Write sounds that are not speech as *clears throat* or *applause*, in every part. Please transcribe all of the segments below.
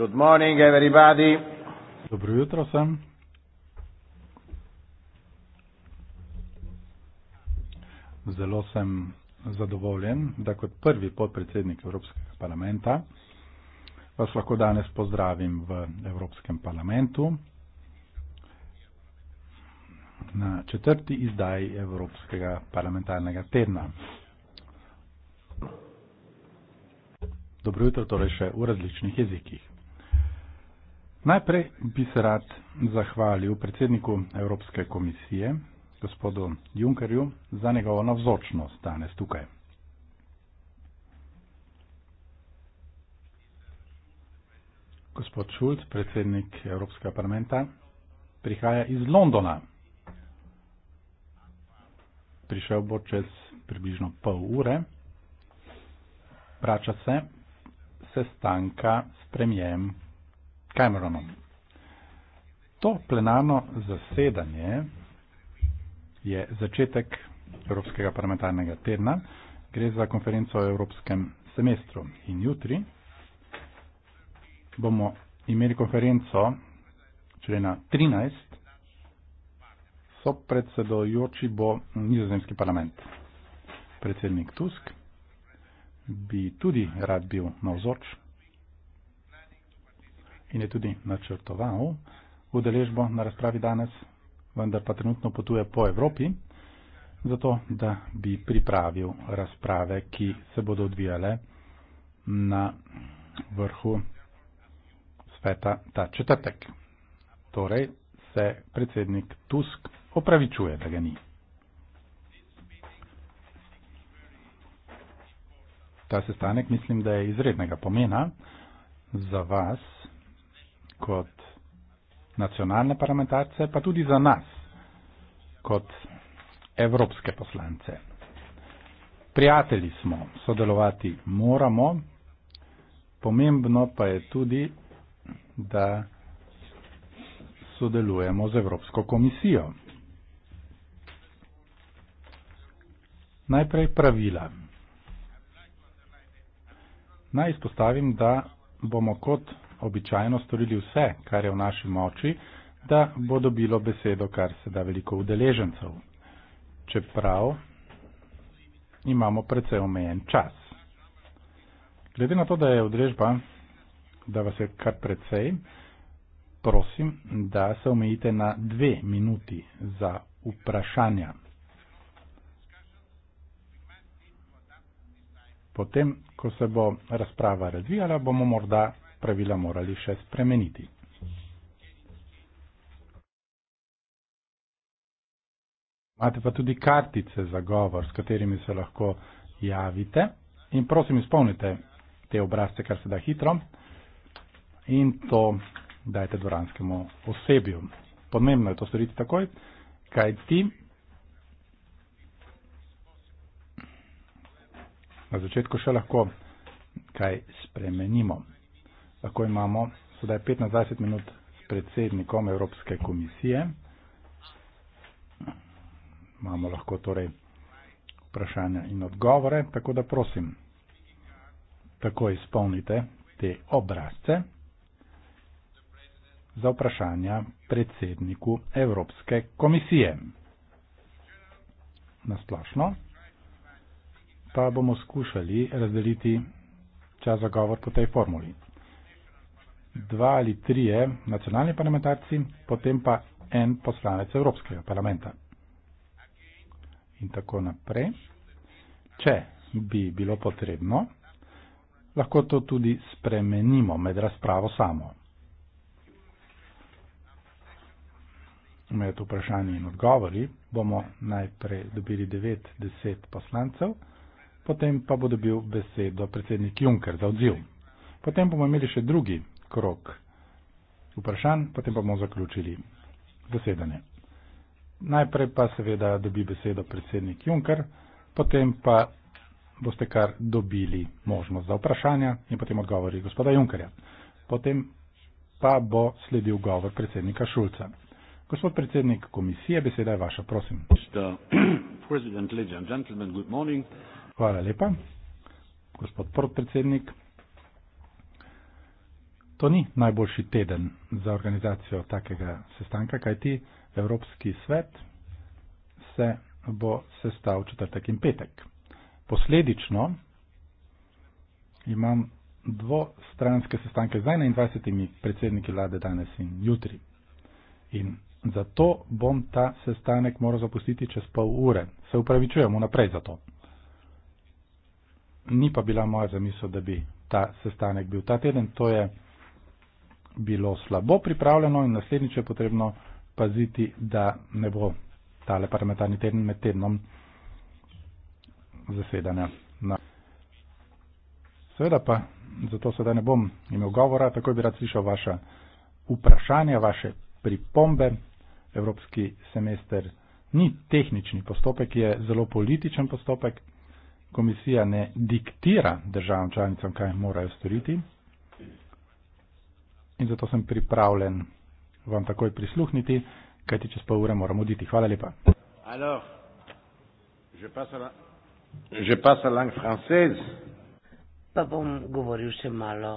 Good morning, everybody. Dobro jutro vsem. Zelo sem zadovoljen, da kot prvi podpredsednik Evropskega parlamenta vas lahko danes pozdravim v Evropskem parlamentu na četrti izdaji Evropskega parlamentarnega tedna. Dobro jutro torej še v različnih jezikih. Najprej bi se rad zahvalil predsedniku Evropske komisije, gospodu Junkerju, za njegovo navzočnost danes tukaj. Gospod Šult, predsednik Evropskega parlamenta, prihaja iz Londona. Prišel bo čez približno pol ure. Vrača se sestanka s premijem Cameronom. To plenarno zasedanje je začetek Evropskega parlamentarnega tedna. Gre za konferenco o Evropskem semestru in jutri bomo imeli konferenco člena 13. So predsedojoči bo nizozemski parlament. Predsednik Tusk bi tudi rad bil na vzorču in je tudi načrtoval udeležbo na razpravi danes, vendar pa trenutno potuje po Evropi, zato da bi pripravil razprave, ki se bodo odvijale na vrhu sveta ta četrtek. Torej se predsednik Tusk opravičuje, da ga ni. Ta sestanek mislim, da je izrednega pomena za vas, kot nacionalne parlamentarce, pa tudi za nas, kot evropske poslance. Prijatelji smo, sodelovati moramo, pomembno pa je tudi, da sodelujemo z Evropsko komisijo. Najprej pravila. Naj izpostavim, da bomo kot običajno storili vse, kar je v naši moči, da bo dobilo besedo kar se da veliko udeležencev. Čeprav imamo precej omejen čas. Glede na to, da je udeležba, da vas je kar precej, prosim, da se omejite na dve minuti za vprašanja. Potem, ko se bo razprava razvijala, bomo morda pravila morali še spremeniti. Imate pa tudi kartice za govor, s katerimi se lahko javite in prosim izpolnite te obrazce, kar se da hitro in to dajte dvoranskemu osebju. Pomembno je to storiti takoj, kaj ti na začetku še lahko kaj spremenimo. Tako imamo sedaj 25 minut s predsednikom Evropske komisije. Imamo lahko torej vprašanja in odgovore, tako da prosim, tako izpolnite te obrazce za vprašanja predsedniku Evropske komisije. Nasplošno pa bomo skušali razdeliti čas za govor po tej formuli dva ali trije nacionalni parlamentarci, potem pa en poslanec Evropskega parlamenta. In tako naprej. Če bi bilo potrebno, lahko to tudi spremenimo med razpravo samo. Med vprašanji in odgovori bomo najprej dobili 9-10 poslancev, potem pa bo dobil besedo predsednik Juncker za odziv. Potem bomo imeli še drugi krok vprašanj, potem pa bomo zaključili zasedanje. Najprej pa seveda dobi besedo predsednik Juncker, potem pa boste kar dobili možnost za vprašanja in potem odgovori gospoda Junkerja. Potem pa bo sledil govor predsednika Šulca. Gospod predsednik komisije, beseda je vaša, prosim. *clears throat* Hvala lepa. Gospod podpredsednik, To ni najboljši teden za organizacijo takega sestanka, kajti Evropski svet se bo sestal četrtek in petek. Posledično imam dvostranske sestanke z 21 predsedniki vlade danes in jutri. In zato bom ta sestanek moral zapustiti čez pol ure. Se upravičujem vnaprej za to. Ni pa bila moja zamisel, da bi ta sestanek bil ta teden. To je bilo slabo pripravljeno in naslednjič je potrebno paziti, da ne bo tale parlamentarni teden med tednom zasedanja. Na. Seveda pa, zato sedaj ne bom imel govora, tako bi rad slišal vaše vprašanja, vaše pripombe. Evropski semester ni tehnični postopek, je zelo političen postopek. Komisija ne diktira državam članicam, kaj morajo storiti in zato sem pripravljen vam takoj prisluhniti, kajti čez pol ure moram oditi. Hvala lepa. Alors, pa bom govoril še malo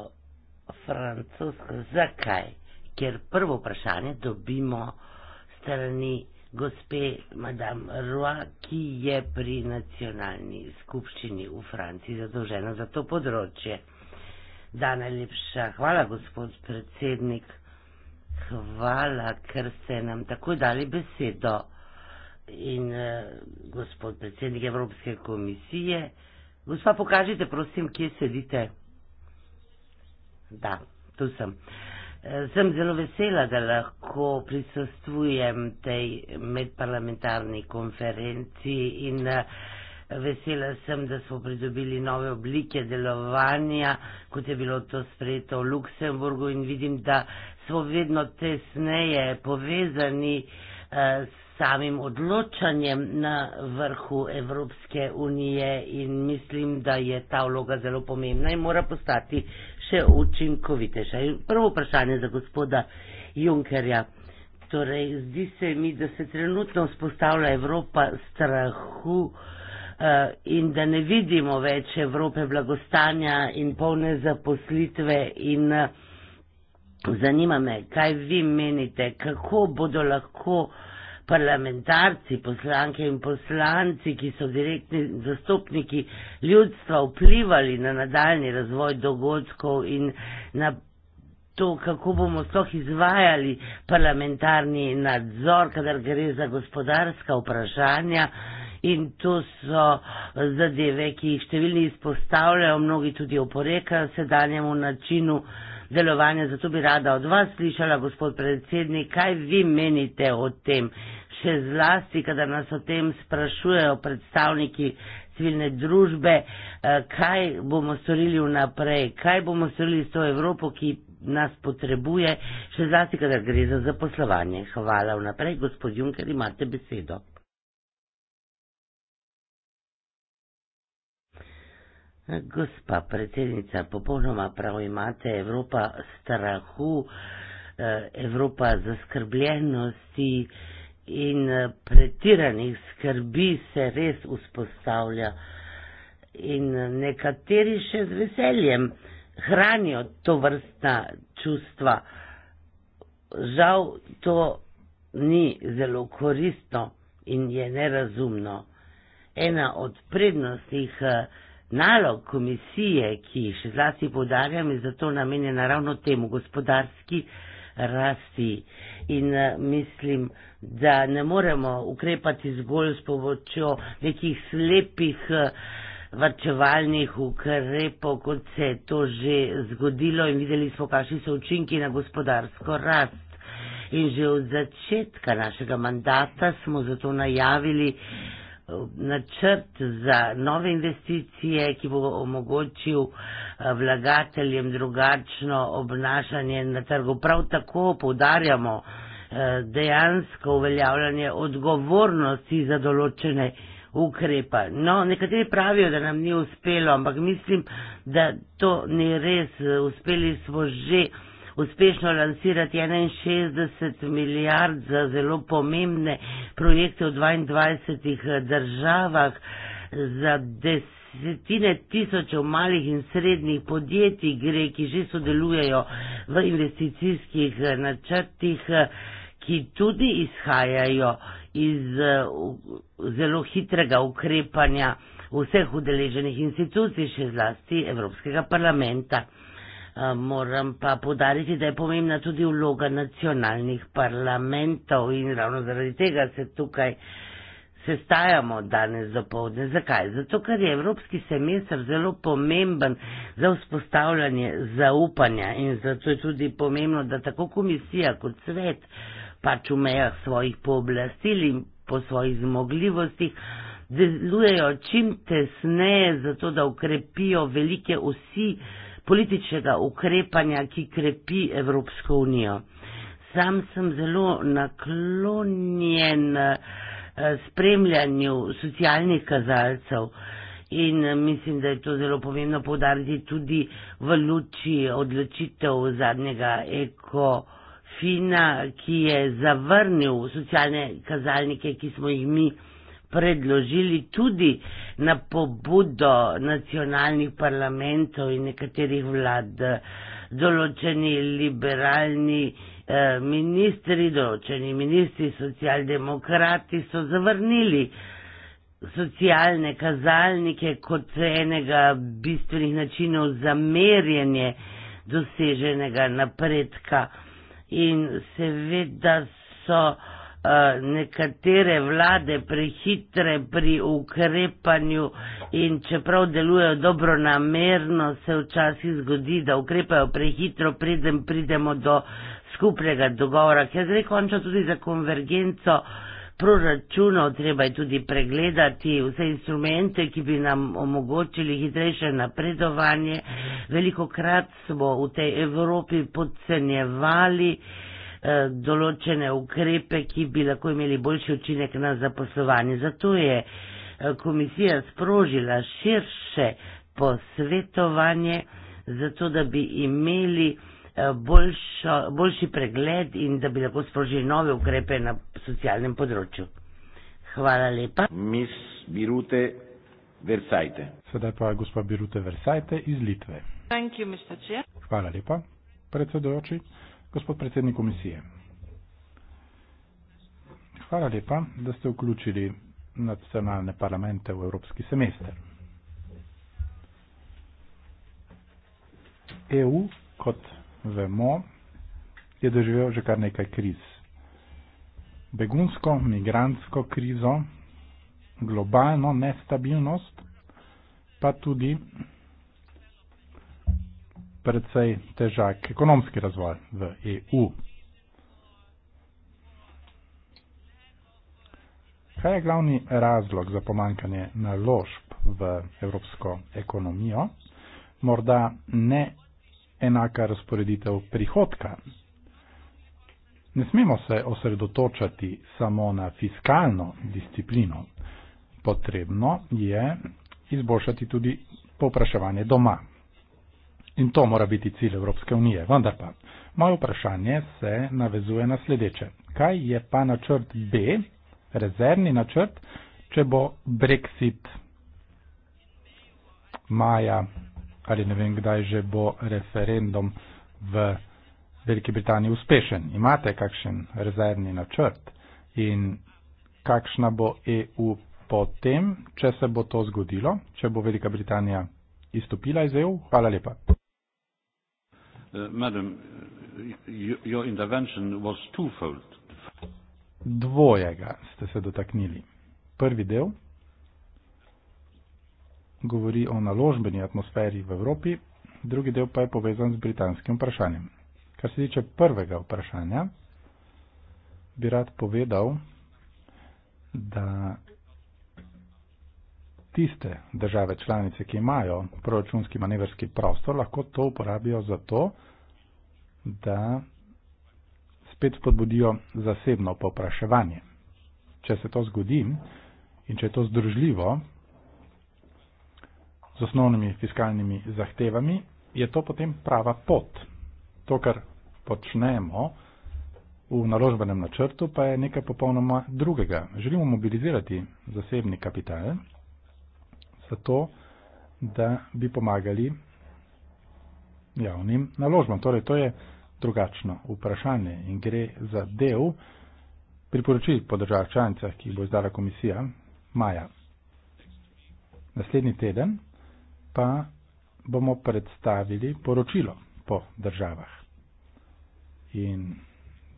francosko. Zakaj? Ker prvo vprašanje dobimo strani gospe Madame Roa, ki je pri nacionalni skupščini v Franciji zadolžena za to področje. Da, najlepša hvala, gospod predsednik. Hvala, ker ste nam tako dali besedo. In eh, gospod predsednik Evropske komisije, gospa, pokažite, prosim, kje sedite. Da, tu sem. Eh, sem zelo vesela, da lahko prisostujem tej medparlamentarni konferenciji in eh, Vesela sem, da smo pridobili nove oblike delovanja, kot je bilo to sprejeto v Luksemburgu in vidim, da smo vedno tesneje povezani eh, s eh, samim odločanjem na vrhu Evropske unije in mislim, da je ta vloga zelo pomembna in mora postati še učinkovitejša. In prvo vprašanje za gospoda Junkerja. Torej, zdi se mi, da se trenutno spostavlja Evropa strahu, Eh, in da ne vidimo več Evrope blagostanja in polne zaposlitve. In eh, zanima me, kaj vi menite, kako bodo lahko parlamentarci, poslanke in poslanci, ki so direktni zastopniki ljudstva, vplivali na nadaljni razvoj dogodkov in na to, kako bomo sploh izvajali parlamentarni nadzor, kadar gre za gospodarska vprašanja in to so zadeve, ki jih številni izpostavljajo, mnogi tudi oporekajo sedanjemu načinu delovanja. Zato bi rada od vas slišala, gospod predsednik, kaj vi menite o tem. Še zlasti, kada nas o tem sprašujejo predstavniki civilne družbe, eh, kaj bomo storili vnaprej, kaj bomo storili s to Evropo, ki nas potrebuje, še zlasti, kada gre za zaposlovanje. Hvala vnaprej, gospod Juncker, imate besedo. Gospa predsednica, popolnoma prav imate, Evropa strahu, eh, Evropa zaskrbljenosti in eh, pretiranih skrbi se res vzpostavlja in eh, nekateri še z veseljem hranijo to vrstna čustva. Žal to ni zelo koristno in je nerazumno. Ena od prednostih Nalog komisije, ki še zlasti podarjam, je zato namenjena ravno temu gospodarski rasti. In eh, mislim, da ne moremo ukrepati zgolj s pomočjo nekih slepih eh, vrčevalnih ukrepov, kot se je to že zgodilo in videli smo, kakšni so učinki na gospodarsko rast. In že od začetka našega mandata smo zato najavili, načrt za nove investicije, ki bo omogočil eh, vlagateljem drugačno obnašanje na trgu. Prav tako povdarjamo eh, dejansko uveljavljanje odgovornosti za določene ukrepa. No, nekateri pravijo, da nam ni uspelo, ampak mislim, da to ni res. Uspeli smo že uspešno lansirati 61 milijard za zelo pomembne projekte v 22 eh, državah, za desetine tisočev malih in srednjih podjetij gre, ki že sodelujejo v investicijskih eh, načrtih, eh, ki tudi izhajajo iz zelo hitrega ukrepanja vseh udeleženih institucij, še zlasti Evropskega parlamenta. Eh, moram pa podariti, da je pomembna tudi vloga nacionalnih parlamentov in ravno zaradi tega se tukaj sestajamo danes do povdne. Zakaj? Zato, ker je Evropski semestr zelo pomemben za vzpostavljanje zaupanja in zato je tudi pomembno, da tako komisija kot svet pač v mejah svojih pooblastil in po svojih zmogljivostih delujejo čim tesneje, zato da ukrepijo velike vsi političnega ukrepanja, ki krepi Evropsko unijo. Sam sem zelo naklonjen eh, spremljanju socialnih kazalcev in eh, mislim, da je to zelo pomembno povdariti tudi v luči odločitev zadnjega ekofina, ki je zavrnil socialne kazalnike, ki smo jih mi predložili tudi na pobudo nacionalnih parlamentov in nekaterih vlad določeni liberalni eh, ministri, določeni ministri socialdemokrati so zavrnili socialne kazalnike kot enega bistvenih načinov za merjenje doseženega napredka. In seveda so Eh, nekatere vlade prehitre pri ukrepanju in čeprav delujejo dobro namerno, se včasih zgodi, da ukrepajo prehitro, preden pridemo do skupnega dogovora, ki je zdaj končal tudi za konvergenco proračunov, treba je tudi pregledati vse instrumente, ki bi nam omogočili hitrejše napredovanje. Veliko krat smo v tej Evropi podcenjevali, Eh, določene ukrepe, ki bi lahko imeli boljši učinek na zaposlovanje. Zato je eh, komisija sprožila širše posvetovanje, zato da bi imeli eh, boljšo, boljši pregled in da bi lahko sprožili nove ukrepe na socialnem področju. Hvala lepa. Mis Birute Versajte. Sedaj pa gospa Birute Versajte iz Litve. You, Hvala lepa, predsedujoči. Gospod predsednik komisije, hvala lepa, da ste vključili nacionalne parlamente v evropski semester. EU, kot vemo, je doživel že kar nekaj kriz. Begunsko, migransko krizo, globalno nestabilnost, pa tudi predvsej težak ekonomski razvoj v EU. Kaj je glavni razlog za pomankanje naložb v evropsko ekonomijo? Morda ne enaka razporeditev prihodka. Ne smemo se osredotočati samo na fiskalno disciplino. Potrebno je izboljšati tudi povpraševanje doma. In to mora biti cilj Evropske unije. Vendar pa, moje vprašanje se navezuje na sledeče. Kaj je pa načrt B, rezervni načrt, če bo Brexit maja ali ne vem kdaj že bo referendum v Veliki Britaniji uspešen? Imate kakšen rezervni načrt in kakšna bo EU potem, če se bo to zgodilo, če bo Velika Britanija izstopila iz EU? Hvala lepa. Uh, madam, uh, your intervention was twofold. Dvojega ste se dotaknili. Prvi del govori o naložbeni atmosferi v Evropi, drugi del pa je povezan z britanskim vprašanjem. Kar se tiče prvega vprašanja, bi rad povedal, da tiste države članice, ki imajo proračunski manevrski prostor, lahko to uporabijo za to, da spet spodbudijo zasebno popraševanje. Če se to zgodi in če je to združljivo z osnovnimi fiskalnimi zahtevami, je to potem prava pot. To, kar počnemo v naložbenem načrtu, pa je nekaj popolnoma drugega. Želimo mobilizirati zasebni kapital za to, da bi pomagali javnim naložbam. Torej, to je drugačno vprašanje in gre za del priporočil po državah članicah, ki jih bo izdala komisija maja. Naslednji teden pa bomo predstavili poročilo po državah. In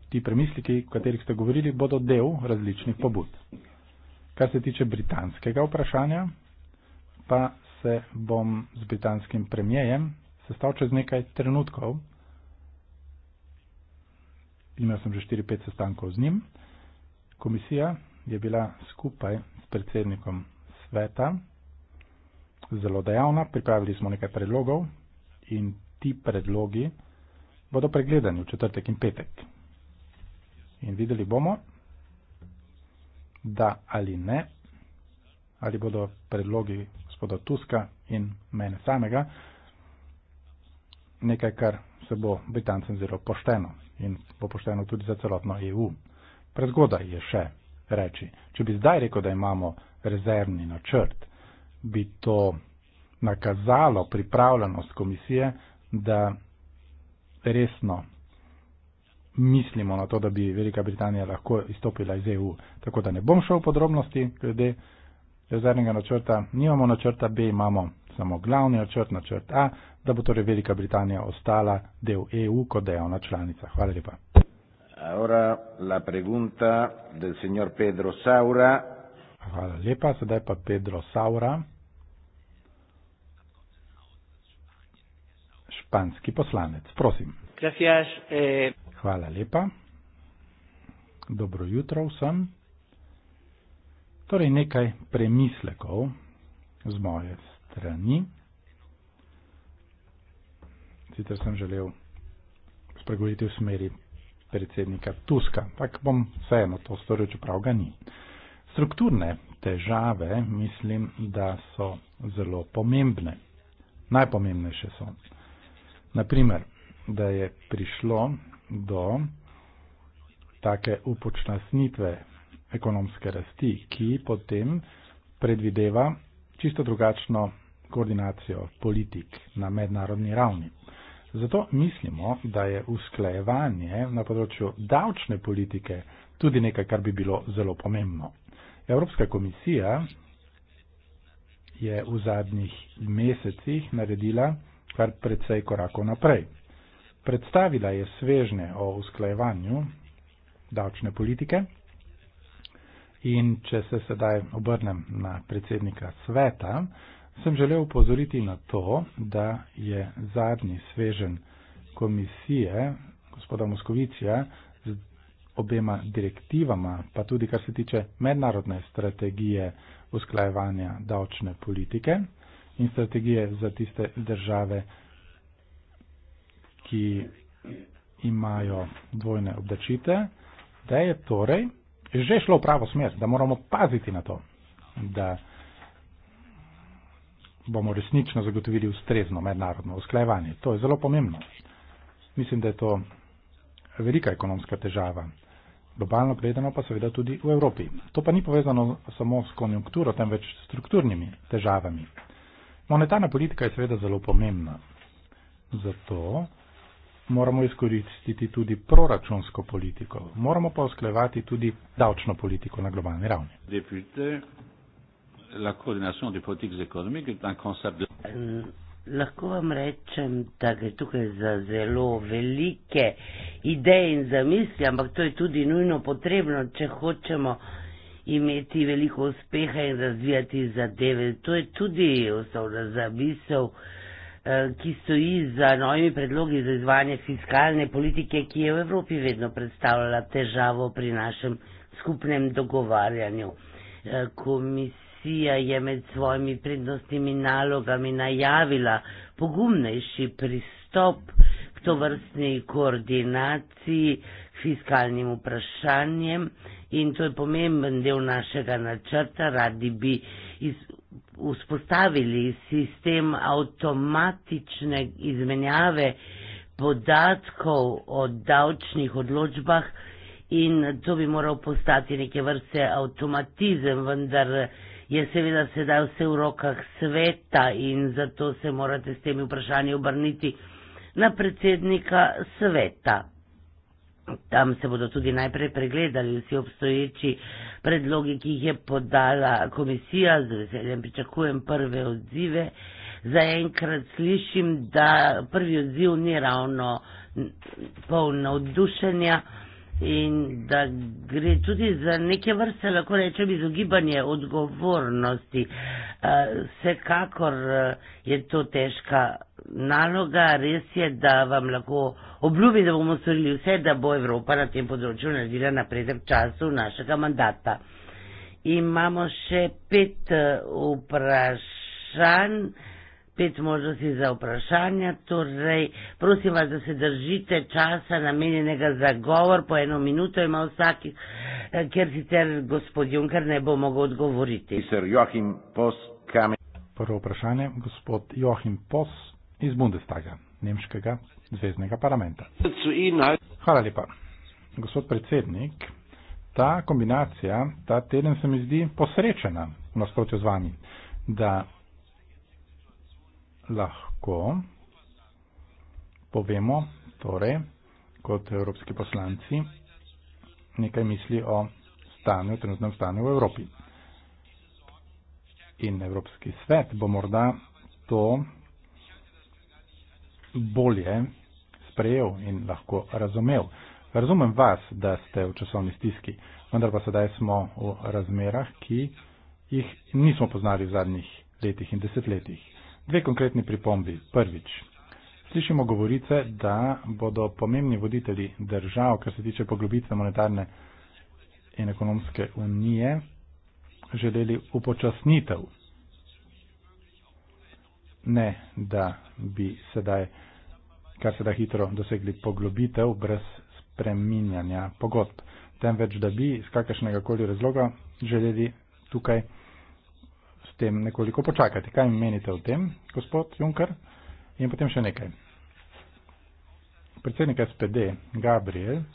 ti premisliki, o katerih ste govorili, bodo del različnih pobud. Kar se tiče britanskega vprašanja, pa se bom z britanskim premijejem sestal čez nekaj trenutkov. Imel sem že 4-5 sestankov z njim. Komisija je bila skupaj s predsednikom sveta zelo dejavna, pripravili smo nekaj predlogov in ti predlogi bodo pregledani v četrtek in petek. In videli bomo, da ali ne, ali bodo predlogi gospoda Tuska in mene samega, nekaj, kar se bo Britancem zelo pošteno in bo pošteno tudi za celotno EU. Prezgodaj je še reči, če bi zdaj rekel, da imamo rezervni načrt, bi to nakazalo pripravljenost komisije, da resno mislimo na to, da bi Velika Britanija lahko izstopila iz EU. Tako da ne bom šel v podrobnosti glede rezervnega načrta, nimamo načrta B, imamo samo glavni načrt, načrt A, da bo torej Velika Britanija ostala del EU kot dejavna članica. Hvala lepa. Ora, la pregunta del signor Pedro Saura. Hvala lepa, sedaj pa Pedro Saura. Španski poslanec, prosim. Gracias, eh... Hvala lepa. Dobro jutro vsem. Torej nekaj premislekov z moje strani. Sicer sem želel spregovoriti v smeri predsednika Tuska, tako bom vseeno to storil, čeprav ga ni. Strukturne težave mislim, da so zelo pomembne. Najpomembnejše so. Naprimer, da je prišlo do take upočasnitve ekonomske rasti, ki potem predvideva čisto drugačno koordinacijo politik na mednarodni ravni. Zato mislimo, da je usklajevanje na področju davčne politike tudi nekaj, kar bi bilo zelo pomembno. Evropska komisija je v zadnjih mesecih naredila kar precej korakov naprej. Predstavila je svežne o usklajevanju davčne politike, In če se sedaj obrnem na predsednika sveta, sem želel upozoriti na to, da je zadnji svežen komisije gospoda Moskovicija z obema direktivama, pa tudi kar se tiče mednarodne strategije usklajevanja davčne politike in strategije za tiste države, ki imajo dvojne obdačite, da je torej že šlo v pravo smer, da moramo paziti na to, da bomo resnično zagotovili ustrezno mednarodno usklajevanje. To je zelo pomembno. Mislim, da je to velika ekonomska težava. Globalno gledano pa seveda tudi v Evropi. To pa ni povezano samo s konjunkturo, temveč s strukturnimi težavami. Monetarna politika je seveda zelo pomembna. Zato moramo izkoristiti tudi proračunsko politiko, moramo pa usklevati tudi davčno politiko na globalni ravni. Eh, lahko vam rečem, da gre tukaj za zelo velike ideje in zamisli, ampak to je tudi nujno potrebno, če hočemo imeti veliko uspeha in razvijati zadeve. To je tudi osnovna zamisel. Eh, ki stoji za novimi predlogi za izvajanje fiskalne politike, ki je v Evropi vedno predstavljala težavo pri našem skupnem dogovarjanju. Eh, komisija je med svojimi prednostnimi nalogami najavila pogumnejši pristop k tovrstni koordinaciji fiskalnim vprašanjem in to je pomemben del našega načrta. Radi bi iz vzpostavili sistem avtomatične izmenjave podatkov o davčnih odločbah in to bi moral postati neke vrste avtomatizem, vendar je seveda sedaj vse v rokah sveta in zato se morate s temi vprašanji obrniti na predsednika sveta. Tam se bodo tudi najprej pregledali vsi obstoječi predlogi, ki jih je podala komisija. Z veseljem pričakujem prve odzive. Zaenkrat slišim, da prvi odziv ni ravno poln navdušenja in da gre tudi za neke vrste, lahko rečem, izogibanje odgovornosti. Vsekakor je to težka naloga, res je, da vam lahko obljubim, da bomo storili vse, da bo Evropa na tem področju naredila napredek času našega mandata. Imamo še pet vprašanj pet možnosti za vprašanja, torej prosim vas, da se držite časa namenjenega za govor, po eno minuto ima vsak, eh, ker sicer gospod Junker ne bo mogel odgovoriti. Prvo vprašanje, gospod Joachim Pos iz Bundestaga, nemškega zvezdnega parlamenta. Hvala lepa. Gospod predsednik, ta kombinacija, ta teden se mi zdi posrečena v nasprotju z vami, da lahko povemo, torej, kot evropski poslanci, nekaj misli o stanju, trenutnem stanju v Evropi. In Evropski svet bo morda to bolje sprejel in lahko razumel. Razumem vas, da ste v časovni stiski, vendar pa sedaj smo v razmerah, ki jih nismo poznali v zadnjih letih in desetletjih. Dve konkretni pripombi. Prvič, slišimo govorice, da bodo pomembni voditelji držav, kar se tiče poglobitve monetarne in ekonomske unije, želeli upočasnitev. Ne, da bi sedaj, kar se da hitro, dosegli poglobitev brez spreminjanja pogodb, temveč da bi iz kakršnega koli razloga želeli tukaj potem nekoliko počakati. Kaj menite o tem, gospod Juncker? In potem še nekaj. Predsednik SPD Gabriel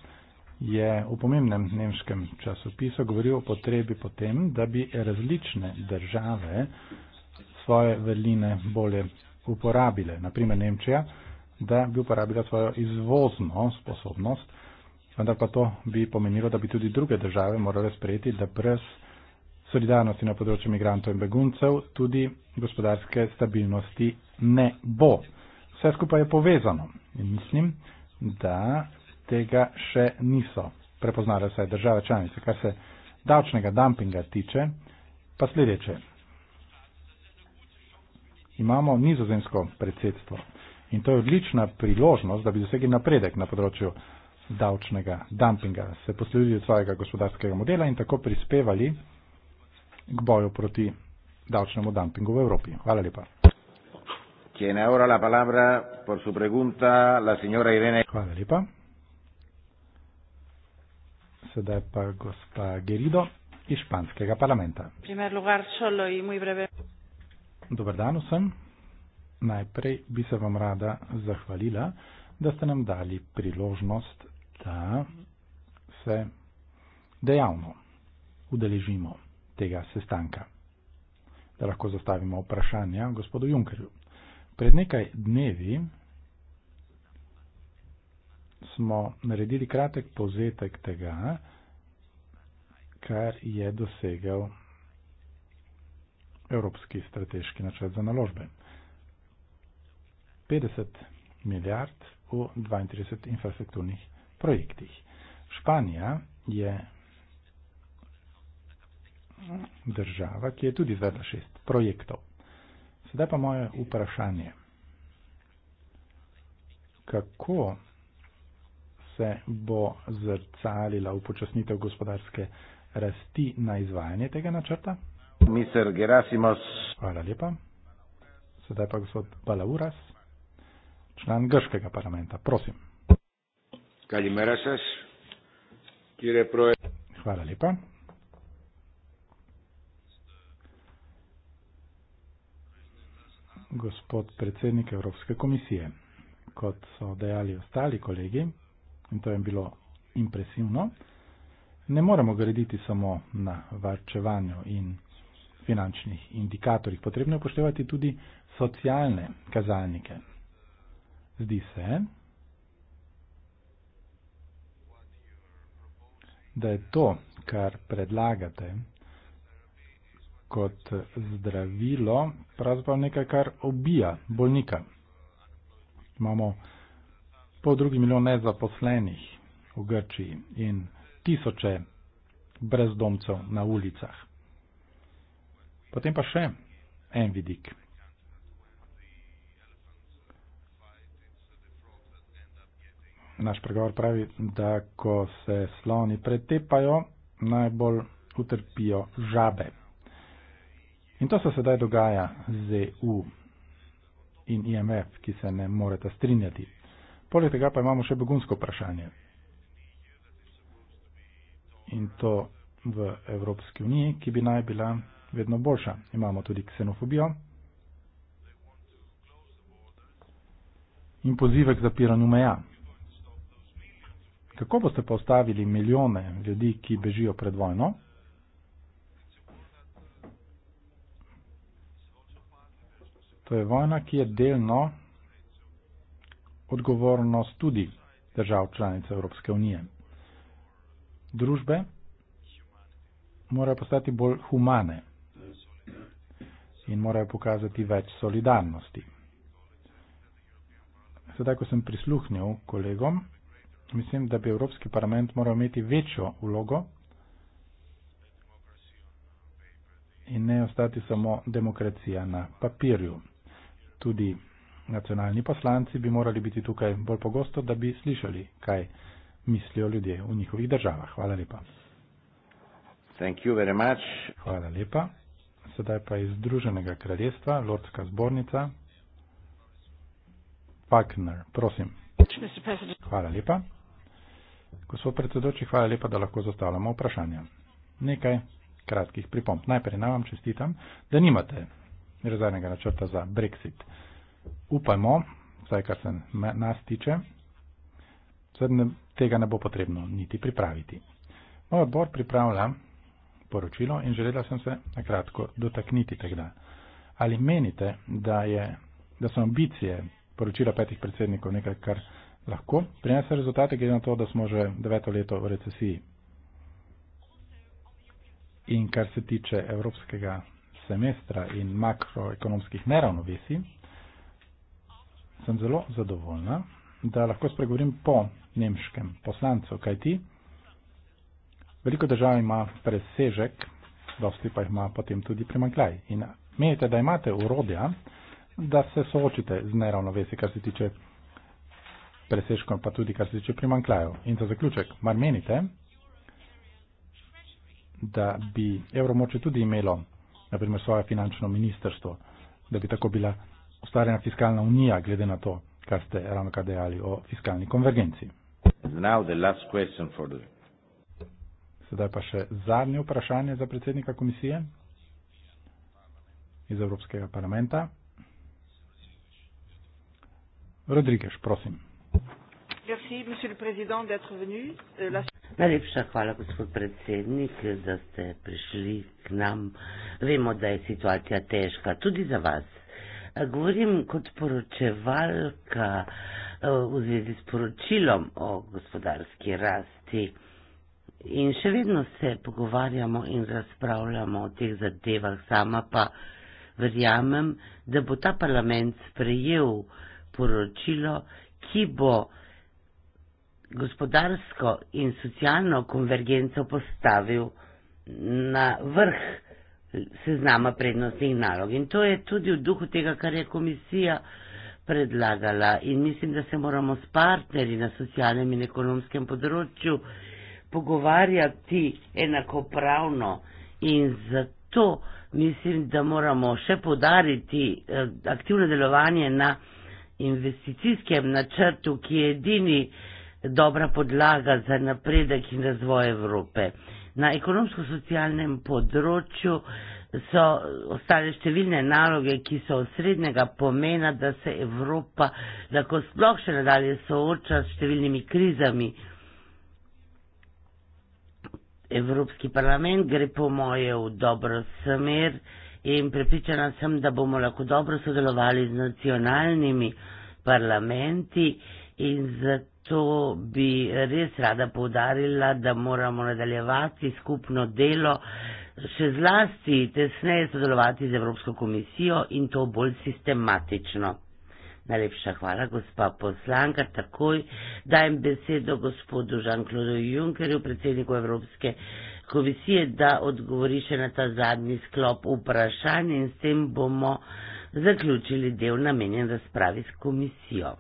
je v pomembnem nemškem časopisu govoril o potrebi potem, da bi različne države svoje vrline bolje uporabile. Naprimer Nemčija, da bi uporabila svojo izvozno sposobnost, vendar pa to bi pomenilo, da bi tudi druge države morale sprejeti, da brez solidarnosti na področju migrantov in beguncev, tudi gospodarske stabilnosti ne bo. Vse skupaj je povezano in mislim, da tega še niso prepoznale vse države članice. Kar se davčnega dumpinga tiče, pa sledeče. Imamo nizozemsko predsedstvo in to je odlična priložnost, da bi dosegli napredek na področju davčnega dumpinga, se poslovili od svojega gospodarskega modela in tako prispevali k boju proti davčnemu dumpingu v Evropi. Hvala lepa. Hvala lepa. Sedaj pa gospa Gerido iz španskega parlamenta. Dobar dan vsem. Najprej bi se vam rada zahvalila, da ste nam dali priložnost, da se dejavno udeležimo tega sestanka. Da lahko zastavimo vprašanja gospodu Junkerju. Pred nekaj dnevi smo naredili kratek povzetek tega, kar je dosegel Evropski strateški načrt za naložbe. 50 milijard v 32 infrastrukturnih projektih. Španija je država, ki je tudi izvedla šest projektov. Sedaj pa moje vprašanje. Kako se bo zrcalila upočasnitev gospodarske rasti na izvajanje tega načrta? Mr. Gerasimos. Hvala lepa. Sedaj pa gospod Balauras, član grškega parlamenta. Prosim. Kalimerasas. Hvala lepa. gospod predsednik Evropske komisije. Kot so dejali ostali kolegi, in to je bilo impresivno, ne moremo graditi samo na varčevanju in finančnih indikatorjih, potrebno je upoštevati tudi socialne kazalnike. Zdi se, da je to, kar predlagate, kot zdravilo, pravzaprav nekaj, kar obija bolnika. Imamo pol drugi milijon nezaposlenih v Grčiji in tisoče brezdomcev na ulicah. Potem pa še en vidik. Naš pregovor pravi, da ko se sloni pretepajo, najbolj utrpijo žabe. In to se sedaj dogaja z EU in IMF, ki se ne moreta strinjati. Poleg tega pa imamo še begunsko vprašanje. In to v Evropski uniji, ki bi naj bila vedno boljša. Imamo tudi ksenofobijo in pozive k zapiranju meja. Kako boste postavili milijone ljudi, ki bežijo pred vojno? To je vojna, ki je delno odgovornost tudi držav članice Evropske unije. Družbe morajo postati bolj humane in morajo pokazati več solidarnosti. Sedaj, ko sem prisluhnil kolegom, mislim, da bi Evropski parlament moral imeti večjo vlogo in ne ostati samo demokracija na papirju tudi nacionalni poslanci bi morali biti tukaj bolj pogosto, da bi slišali, kaj mislijo ljudje v njihovih državah. Hvala lepa. Hvala lepa. Sedaj pa iz Združenega kraljestva, Lordska zbornica. Wagner, prosim. Hvala lepa. Gospod predsedoči, hvala lepa, da lahko zastavljamo vprašanja. Nekaj kratkih pripomp. Najprej naj vam čestitam, da nimate razvojnega načrta za Brexit. Upajmo, vsaj kar se nas tiče, ne, tega ne bo potrebno niti pripraviti. Moj odbor pripravlja poročilo in želela sem se na kratko dotakniti tega. Ali menite, da, je, da so ambicije poročila petih predsednikov nekaj, kar lahko prinese rezultate, glede na to, da smo že deveto leto v recesiji? In kar se tiče evropskega semestra in makroekonomskih neravnovesij, sem zelo zadovoljna, da lahko spregovorim po nemškem poslancu, kaj ti. Veliko držav ima presežek, dosti pa jih ima potem tudi primankljaj. In menite, da imate urodja, da se soočite z neravnovesi, kar se tiče presežkom, pa tudi kar se tiče primankljajev. In za zaključek, mar menite, da bi evromoče tudi imelo na primer svoje finančno ministerstvo, da bi tako bila ustvarjena fiskalna unija, glede na to, kar ste ravno kaj dejali o fiskalni konvergenci. Sedaj pa še zadnje vprašanje za predsednika komisije iz Evropskega parlamenta. Rodriguez, prosim. Merci, Najlepša hvala, gospod predsednik, da ste prišli k nam. Vemo, da je situacija težka, tudi za vas. Govorim kot poročevalka eh, v zvezi s poročilom o gospodarski rasti. In še vedno se pogovarjamo in razpravljamo o teh zadevah, sama pa verjamem, da bo ta parlament sprejel poročilo, ki bo gospodarsko in socialno konvergenco postavil na vrh seznama prednostnih nalog. In to je tudi v duhu tega, kar je komisija predlagala. In mislim, da se moramo s partnerji na socialnem in ekonomskem področju pogovarjati enakopravno. In zato mislim, da moramo še podariti eh, aktivno delovanje na investicijskem načrtu, ki je edini dobra podlaga za napredek in razvoj Evrope. Na ekonomsko-socialnem področju so ostale številne naloge, ki so osrednjega pomena, da se Evropa lahko sploh še nadalje sooča s številnimi krizami. Evropski parlament gre po moje v dobro smer in prepričana sem, da bomo lahko dobro sodelovali z nacionalnimi parlamenti in zato zato bi res rada povdarila, da moramo nadaljevati skupno delo, še zlasti tesneje sodelovati z Evropsko komisijo in to bolj sistematično. Najlepša hvala, gospa poslanka. Takoj dajem besedo gospodu Žanklodu Junkerju, predsedniku Evropske komisije, da odgovori še na ta zadnji sklop vprašanj in s tem bomo zaključili del namenjen razpravi s komisijo.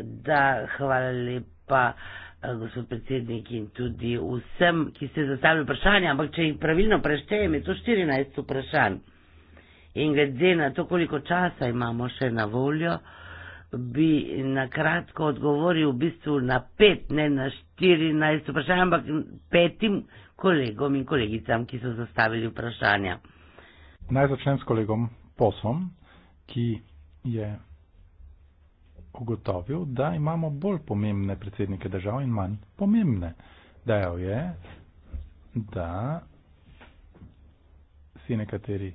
da hvala lepa, eh, gospod predsednik, in tudi vsem, ki ste zastavili vprašanje, ampak če jih pravilno preštejem, je to 14 vprašanj. In glede na to, koliko časa imamo še na voljo, bi na kratko odgovoril v bistvu na pet, ne na 14 vprašanj, ampak petim kolegom in kolegicam, ki so zastavili vprašanja. Naj začnem s kolegom Posom, ki je ugotovil, da imamo bolj pomembne predsednike držav in manj pomembne. Dejal je, da si nekateri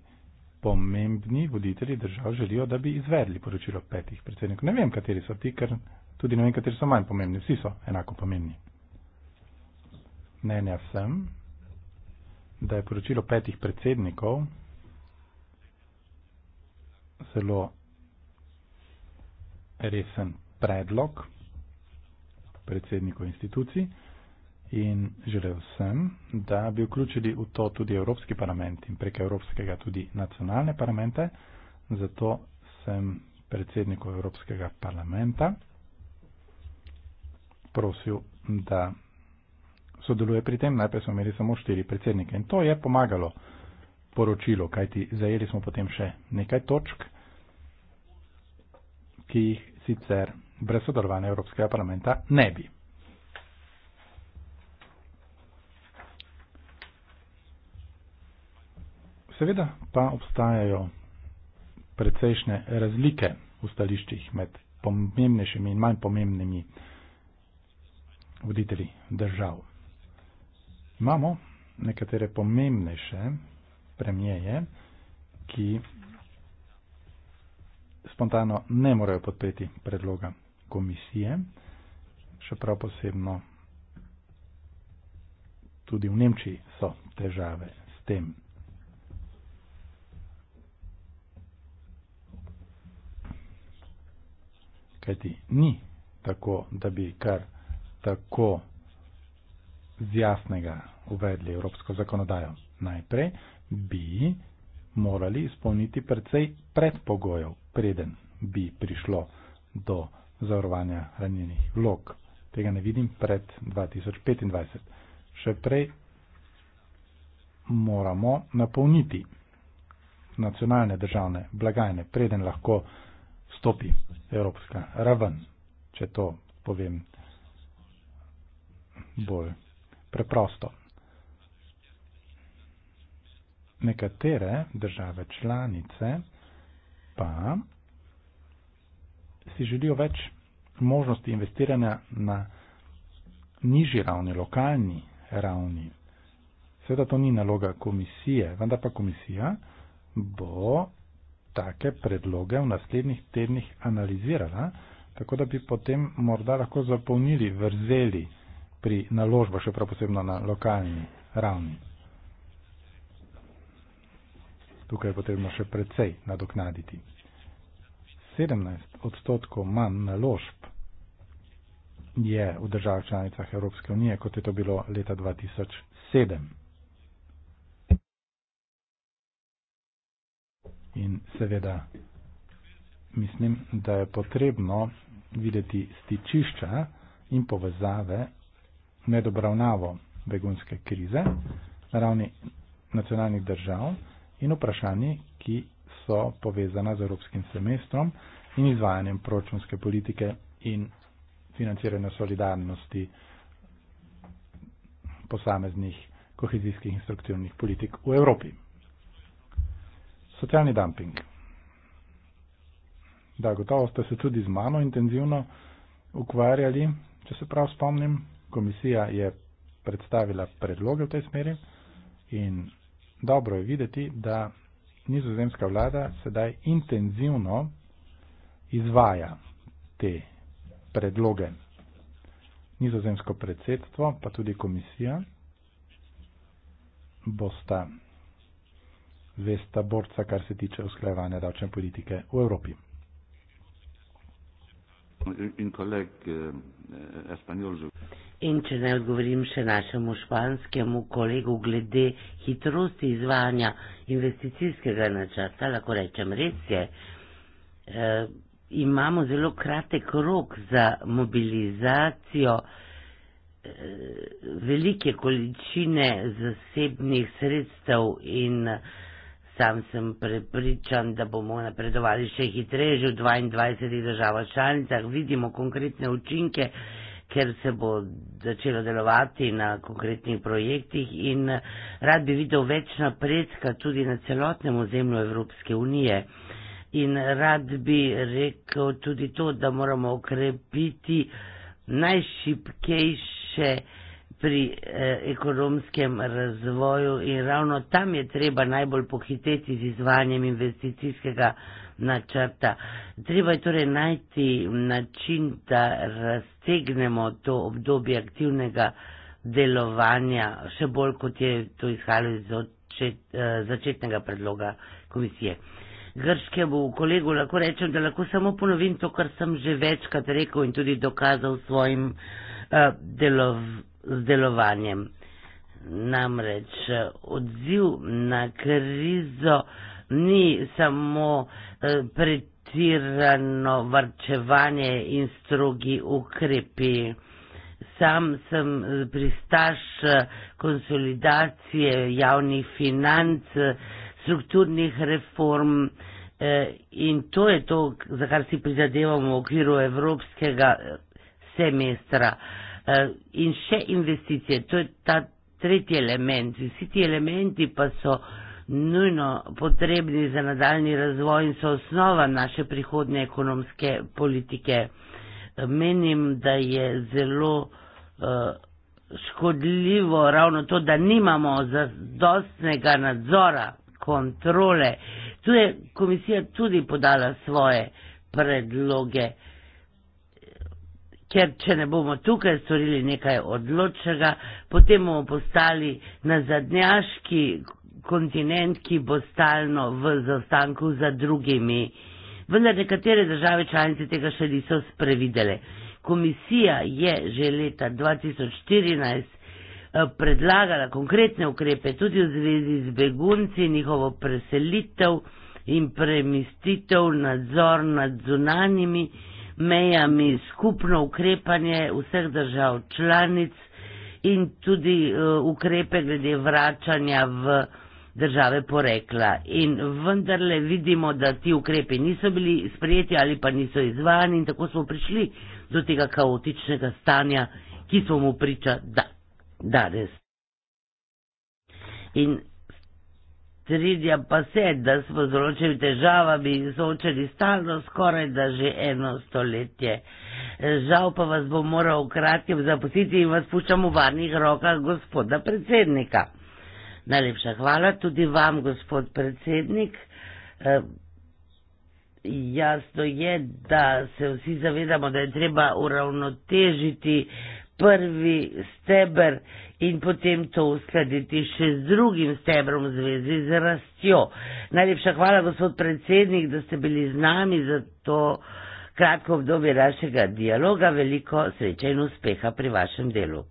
pomembni voditelji držav želijo, da bi izvedli poročilo petih predsednikov. Ne vem, kateri so ti, ker tudi ne vem, kateri so manj pomembni. Vsi so enako pomembni. Mnenja sem, da je poročilo petih predsednikov zelo resen predlog predsedniku instituciji in želel sem, da bi vključili v to tudi Evropski parlament in preko Evropskega tudi nacionalne parlamente. Zato sem predsedniku Evropskega parlamenta prosil, da sodeluje pri tem. Najprej smo imeli samo štiri predsednike in to je pomagalo poročilo, kajti zajeli smo potem še nekaj točk ki jih sicer brez sodelovanja Evropskega parlamenta ne bi. Seveda pa obstajajo precejšnje razlike v stališčih med pomembnejšimi in manj pomembnimi voditelji držav. Imamo nekatere pomembnejše premijeje, ki spontano ne morejo podpreti predloga komisije, še prav posebno tudi v Nemčiji so težave s tem. Kajti ni tako, da bi kar tako z jasnega uvedli evropsko zakonodajo. Najprej bi morali izpolniti precej predpogojev, preden bi prišlo do zavarovanja ranjenih vlog. Tega ne vidim pred 2025. Še prej moramo napolniti nacionalne državne blagajne, preden lahko stopi evropska raven, če to povem bolj preprosto nekatere države članice pa si želijo več možnosti investiranja na nižji ravni, lokalni ravni. Seveda to ni naloga komisije, vendar pa komisija bo take predloge v naslednjih tednih analizirala, tako da bi potem morda lahko zapolnili vrzeli pri naložbo, še prav posebno na lokalni ravni tukaj je potrebno še precej nadoknaditi. 17 odstotkov manj naložb je v državah članicah Evropske unije, kot je to bilo leta 2007. In seveda mislim, da je potrebno videti stičišča in povezave med obravnavo begunske krize na ravni nacionalnih držav in vprašanji, ki so povezana z evropskim semestrom in izvajanjem proračunske politike in financiranja solidarnosti posameznih kohezijskih in strukturnih politik v Evropi. Socialni dumping. Da, gotovo ste se tudi z mano intenzivno ukvarjali, če se prav spomnim. Komisija je predstavila predloge v tej smeri in dobro je videti, da nizozemska vlada sedaj intenzivno izvaja te predloge. Nizozemsko predsedstvo, pa tudi komisija, bosta zvesta borca, kar se tiče usklajevanja davčne politike v Evropi. In, in kolega eh, eh, Espanjol že. In če ne odgovorim še našemu španskemu kolegu glede hitrosti izvajanja investicijskega načrta, lahko rečem res je, e, imamo zelo kratek rok za mobilizacijo e, velike količine zasebnih sredstev in eh, sam sem prepričan, da bomo napredovali še hitreje, že v 22 državah članicah vidimo konkretne učinke ker se bo začelo delovati na konkretnih projektih in eh, rad bi videl več napredka tudi na celotnem ozemlju Evropske unije. In rad bi rekel tudi to, da moramo okrepiti najšipkejše pri eh, ekonomskem razvoju in ravno tam je treba najbolj pohiteti z izvanjem investicijskega načrta. Treba je torej najti način, da raztegnemo to obdobje aktivnega delovanja, še bolj kot je to izhajalo iz očet, eh, začetnega predloga komisije. Grškemu kolegu lahko rečem, da lahko samo ponovim to, kar sem že večkrat rekel in tudi dokazal s svojim eh, delov, delovanjem. Namreč eh, odziv na krizo ni samo uh, Eh, pretirano varčevanje in strogi ukrepi. Sam sem eh, pristaš eh, konsolidacije javnih financ, strukturnih reform in to je to, za kar si prizadevamo v okviru evropskega semestra. In še investicije, to je ta tretji element. Vsi ti elementi pa so nujno potrebni za nadaljni razvoj in so osnova naše prihodne ekonomske politike. Menim, da je zelo uh, škodljivo ravno to, da nimamo zadostnega nadzora, kontrole. Tu je komisija tudi podala svoje predloge, ker če ne bomo tukaj storili nekaj odločnega, potem bomo postali nazadnjaški kontinent, ki bo stalno v zaostanku za drugimi. Vendar nekatere države članice tega še niso sprevidele. Komisija je že leta 2014 eh, predlagala konkretne ukrepe tudi v zvezi z begunci, njihovo preselitev in premestitev, nadzor nad zunanimi mejami, skupno ukrepanje vseh držav članic in tudi eh, ukrepe glede vračanja v države porekla. In vendarle vidimo, da ti ukrepi niso bili sprejeti ali pa niso izvajani in tako smo prišli do tega kaotičnega stanja, ki smo mu priča da, danes. In tridja pa se, da smo z določenimi težavami soočali stalno skoraj da že eno stoletje. Žal pa vas bo moral kratkem zapustiti in vas puščam v varnih rokah gospoda predsednika. Najlepša hvala tudi vam, gospod predsednik. E, jasno je, da se vsi zavedamo, da je treba uravnotežiti prvi steber in potem to uskladiti še z drugim stebrom v zvezi z rastjo. Najlepša hvala, gospod predsednik, da ste bili z nami za to kratko obdobje našega dialoga. Veliko sreče in uspeha pri vašem delu.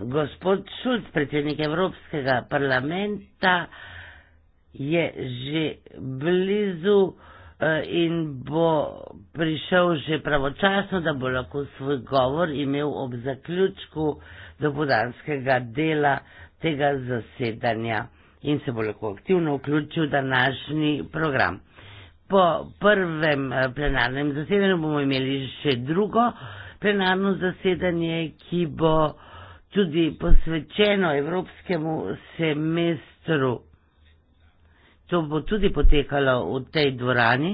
Gospod Šulc, predsednik Evropskega parlamenta, je že blizu eh, in bo prišel že pravočasno, da bo lahko svoj govor imel ob zaključku dopodanskega dela tega zasedanja in se bo lahko aktivno vključil v današnji program po prvem eh, plenarnem zasedanju bomo imeli še drugo plenarno zasedanje, ki bo tudi posvečeno evropskemu semestru. To bo tudi potekalo v tej dvorani.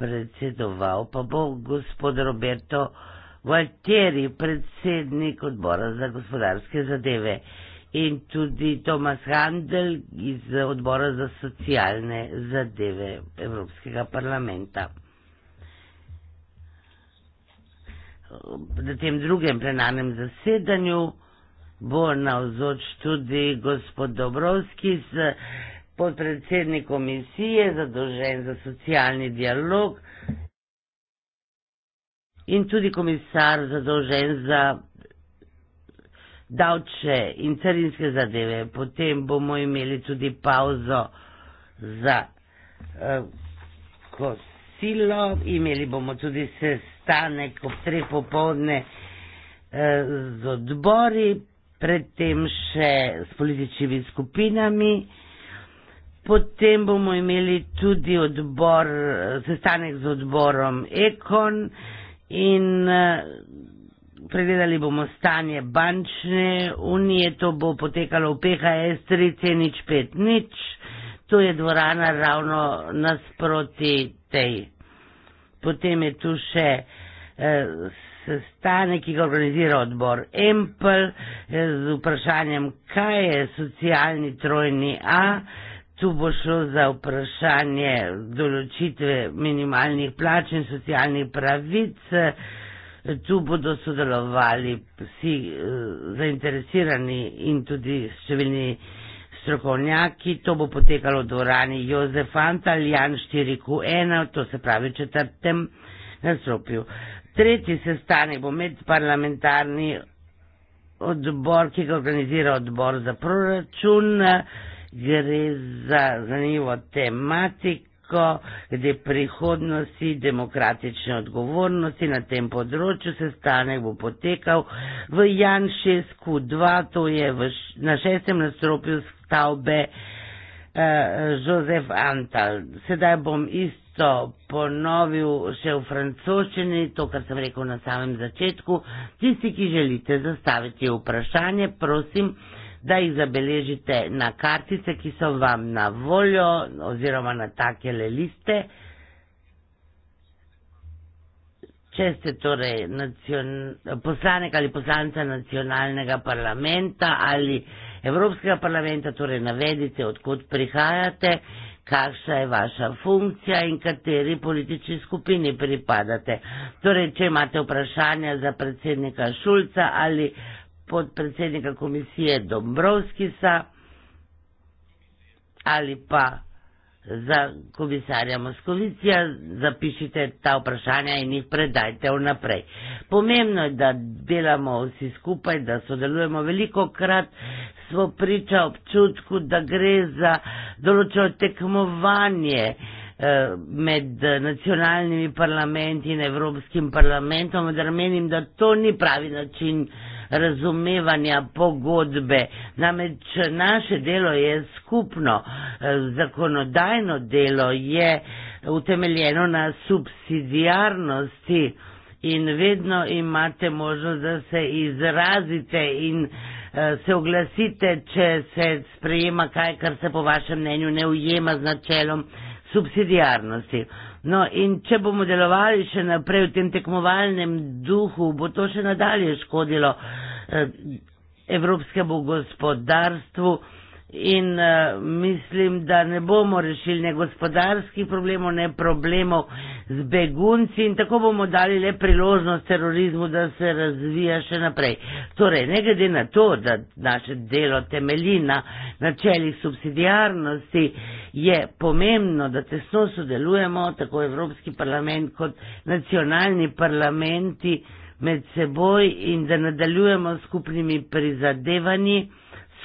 Predsedoval pa bo gospod Roberto Valtieri, predsednik odbora za gospodarske zadeve in tudi Tomas Handel iz odbora za socialne zadeve Evropskega parlamenta. Na tem drugem plenarnem zasedanju bo navzoč tudi gospod Dobrovski s podpredsednik komisije zadolžen za socialni dialog in tudi komisar zadolžen za davče in carinske zadeve. Potem bomo imeli tudi pauzo za eh, kosilo, imeli bomo tudi sestanek ob treh popovdne eh, z odbori, predtem še s političnimi skupinami. Potem bomo imeli tudi odbor, sestanek z odborom Ekon in eh, pregledali bomo stanje bančne unije, to bo potekalo v PHS 3.05.0, to je dvorana ravno nasproti tej. Potem je tu še eh, sestanek, ki ga organizira odbor EMPL eh, z vprašanjem, kaj je socialni trojni A. Tu bo šlo za vprašanje določitve minimalnih plač in socialnih pravic. Eh, Tu bodo sodelovali vsi uh, zainteresirani in tudi številni strokovnjaki. To bo potekalo v dvorani Jozef Antaljan 4Q1, to se pravi četrtem nastropju. Tretji sestanek bo medparlamentarni odbor, ki ga organizira odbor za proračun. Gre za zanimivo tematiko politiko, glede prihodnosti, demokratične odgovornosti na tem področju. Sestanek bo potekal v Jan 6Q2, to je v, na šestem nastropju stavbe eh, Jozef Antal. Sedaj bom isto ponovil še v francoščini, to, kar sem rekel na samem začetku. Tisti, ki želite zastaviti vprašanje, prosim da jih zabeležite na kartice, ki so vam na voljo oziroma na takele liste. Če ste torej nacion... poslanec ali poslanca nacionalnega parlamenta ali Evropskega parlamenta, torej navedite, odkud prihajate, kakšna je vaša funkcija in kateri politični skupini pripadate. Torej, če imate vprašanja za predsednika Šulca ali podpredsednika komisije Dombrovskisa ali pa za komisarja Moskovicija, zapišite ta vprašanja in jih predajte vnaprej. Pomembno je, da delamo vsi skupaj, da sodelujemo veliko krat, smo priča občutku, da gre za določeno tekmovanje eh, med nacionalnimi parlamenti in Evropskim parlamentom, vendar menim, da to ni pravi način razumevanja pogodbe. Namreč naše delo je skupno, e, zakonodajno delo je utemeljeno na subsidijarnosti in vedno imate možnost, da se izrazite in e, se oglasite, če se sprejema kaj, kar se po vašem mnenju ne ujema z načelom subsidijarnosti. No, in če bomo delovali še naprej v tem tekmovalnem duhu, bo to še nadalje škodilo eh, evropskemu gospodarstvu in uh, mislim, da ne bomo rešili ne gospodarskih problemov, ne problemov z begunci in tako bomo dali le priložnost terorizmu, da se razvija še naprej. Torej, ne glede na to, da naše delo temelji na načelih subsidijarnosti, je pomembno, da tesno sodelujemo tako Evropski parlament kot nacionalni parlamenti med seboj in da nadaljujemo s skupnimi prizadevanji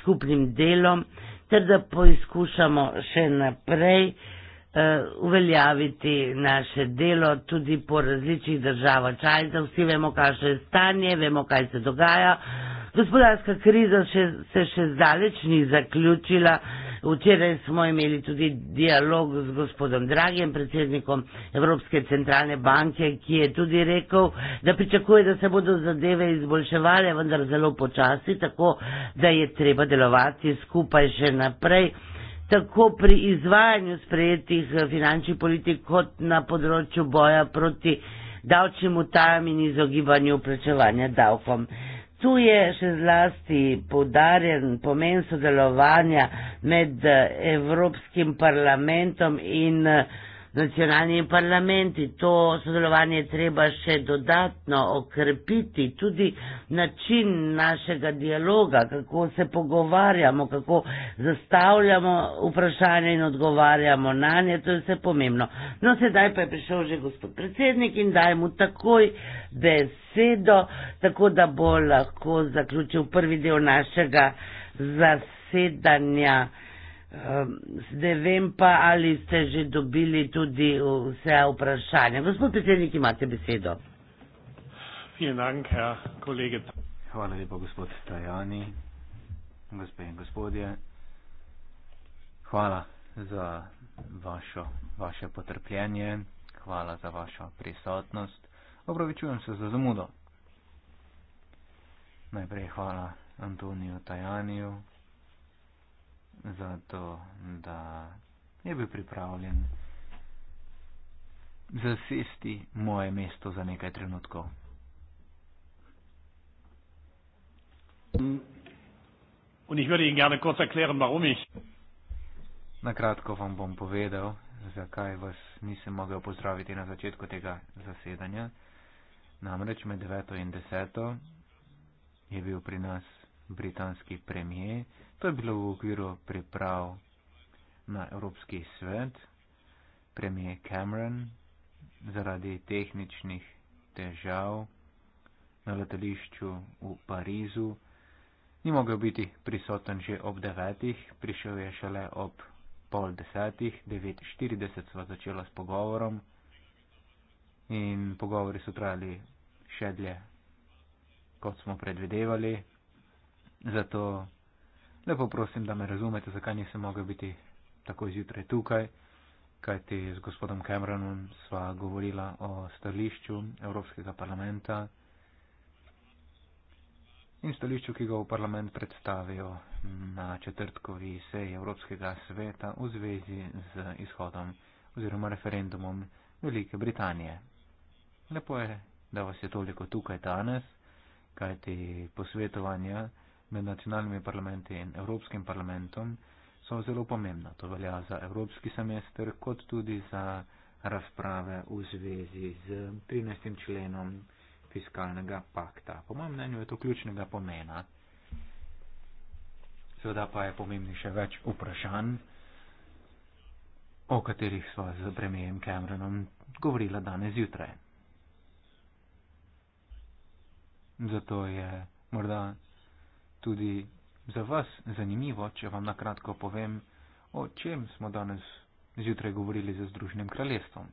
skupnim delom, ter da poizkušamo še naprej eh, uveljaviti naše delo tudi po različnih državah članicah. Vsi vemo, kakšno je stanje, vemo, kaj se dogaja. Gospodarska kriza še, se še zdaleč ni zaključila. Včeraj smo imeli tudi dialog z gospodom Dragim, predsednikom Evropske centralne banke, ki je tudi rekel, da pričakuje, da se bodo zadeve izboljševale, vendar zelo počasi, tako da je treba delovati skupaj še naprej tako pri izvajanju sprejetih eh, finančnih politik kot na področju boja proti davčnim utajam in izogibanju plačevanja davkom. Tu je še zlasti podarjen pomen sodelovanja med eh, Evropskim parlamentom in uh, nacionalnimi parlamenti. To sodelovanje je treba še dodatno okrepiti, tudi način našega dialoga, kako se pogovarjamo, kako zastavljamo vprašanja in odgovarjamo na nje, to je vse pomembno. No, sedaj pa je prišel že gospod predsednik in daj mu takoj besedo, tako da bo lahko zaključil prvi del našega zasedanja. Ehm, zdaj vem pa, ali ste že dobili tudi vse vprašanja. Gospod predsednik, imate besedo. Dank, ja, Hvala lepa, gospod Tajani, gospe in gospodje. Hvala za vašo, vaše potrpljenje. Hvala za vašo prisotnost. Opravičujem se za zamudo. Najprej hvala Antoniju Tajaniju, zato da je bil pripravljen zasesti moje mesto za nekaj trenutkov. Und ich würde Ihnen gerne kurz erklären, warum ich. Na kratko vam bom povedal, zakaj vas nisem mogel pozdraviti na začetku tega zasedanja. Namreč med 9. in 10. je bil pri nas britanski premije. To je bilo v okviru priprav na Evropski svet. Premije Cameron zaradi tehničnih težav na letališču v Parizu ni mogel biti prisoten že ob devetih, prišel je šele ob pol desetih, 9.40 sva začela s pogovorom in pogovori so trajali še dlje, kot smo predvidevali, Zato lepo prosim, da me razumete, zakaj nisem mogel biti tako izjutraj tukaj, kajti z gospodom Cameronom sva govorila o stališču Evropskega parlamenta in stališču, ki ga v parlament predstavijo na četrtkovi seji Evropskega sveta v zvezi z izhodom oziroma referendumom Velike Britanije. Lepo je, da vas je toliko tukaj danes, kajti posvetovanja med nacionalnimi parlamenti in Evropskim parlamentom so zelo pomembna. To velja za Evropski semester, kot tudi za razprave v zvezi z 13. členom fiskalnega pakta. Po mojem mnenju je to ključnega pomena. Seveda pa je pomembnejše več vprašanj, o katerih sva z premijem Cameronom govorila danes zjutraj. Zato je morda tudi za vas zanimivo, če vam na kratko povem, o čem smo danes zjutraj govorili z Združenim kraljestvom.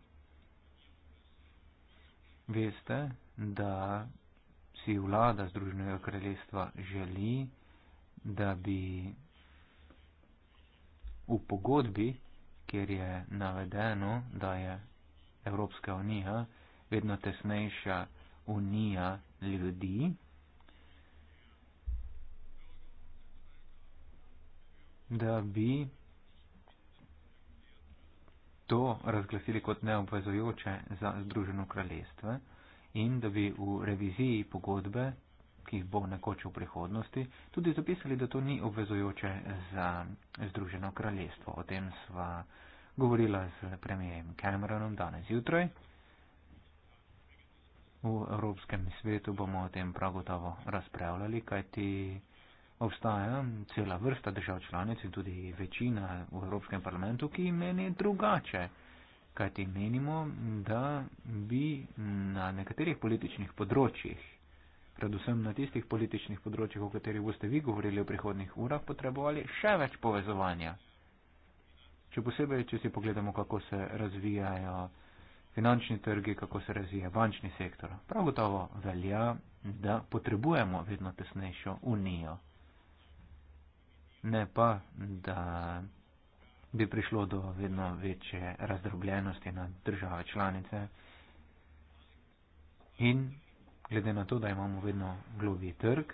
Veste, da si vlada Združenega kraljestva želi, da bi v pogodbi, kjer je navedeno, da je Evropska unija vedno tesnejša unija ljudi, da bi to razglasili kot neobvezujoče za Združeno kraljestvo in da bi v reviziji pogodbe, ki jih bo nekoč v prihodnosti, tudi zapisali, da to ni obvezujoče za Združeno kraljestvo. O tem sva govorila z premijem Cameronom danes jutraj. V Evropskem svetu bomo o tem prav gotovo razpravljali, kajti obstaja cela vrsta držav članic in tudi večina v Evropskem parlamentu, ki meni drugače. Kajti menimo, da bi na nekaterih političnih področjih, predvsem na tistih političnih področjih, o katerih boste vi govorili v prihodnih urah, potrebovali še več povezovanja. Še posebej, če si pogledamo, kako se razvijajo finančni trgi, kako se razvija bančni sektor. Prav gotovo velja, da potrebujemo vedno tesnejšo unijo ne pa, da bi prišlo do vedno večje razdrobljenosti na države članice. In glede na to, da imamo vedno globji trg,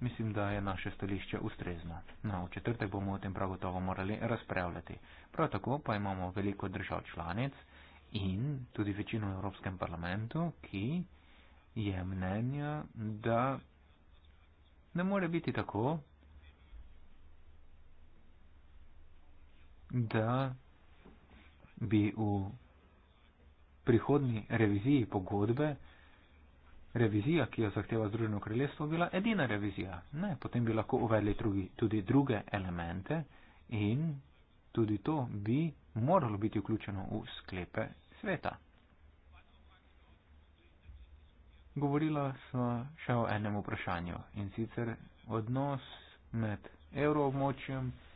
mislim, da je naše stališče ustrezno. No, v četrtek bomo o tem prav gotovo morali razpravljati. Prav tako pa imamo veliko držav članic in tudi večino v Evropskem parlamentu, ki je mnenja, da ne more biti tako, da bi v prihodni reviziji pogodbe revizija, ki jo zahteva Združeno kraljestvo, bila edina revizija. Ne, potem bi lahko uvedli drugi, tudi druge elemente in tudi to bi moralo biti vključeno v sklepe sveta. Govorila smo še o enem vprašanju in sicer odnos med evroobmočjem in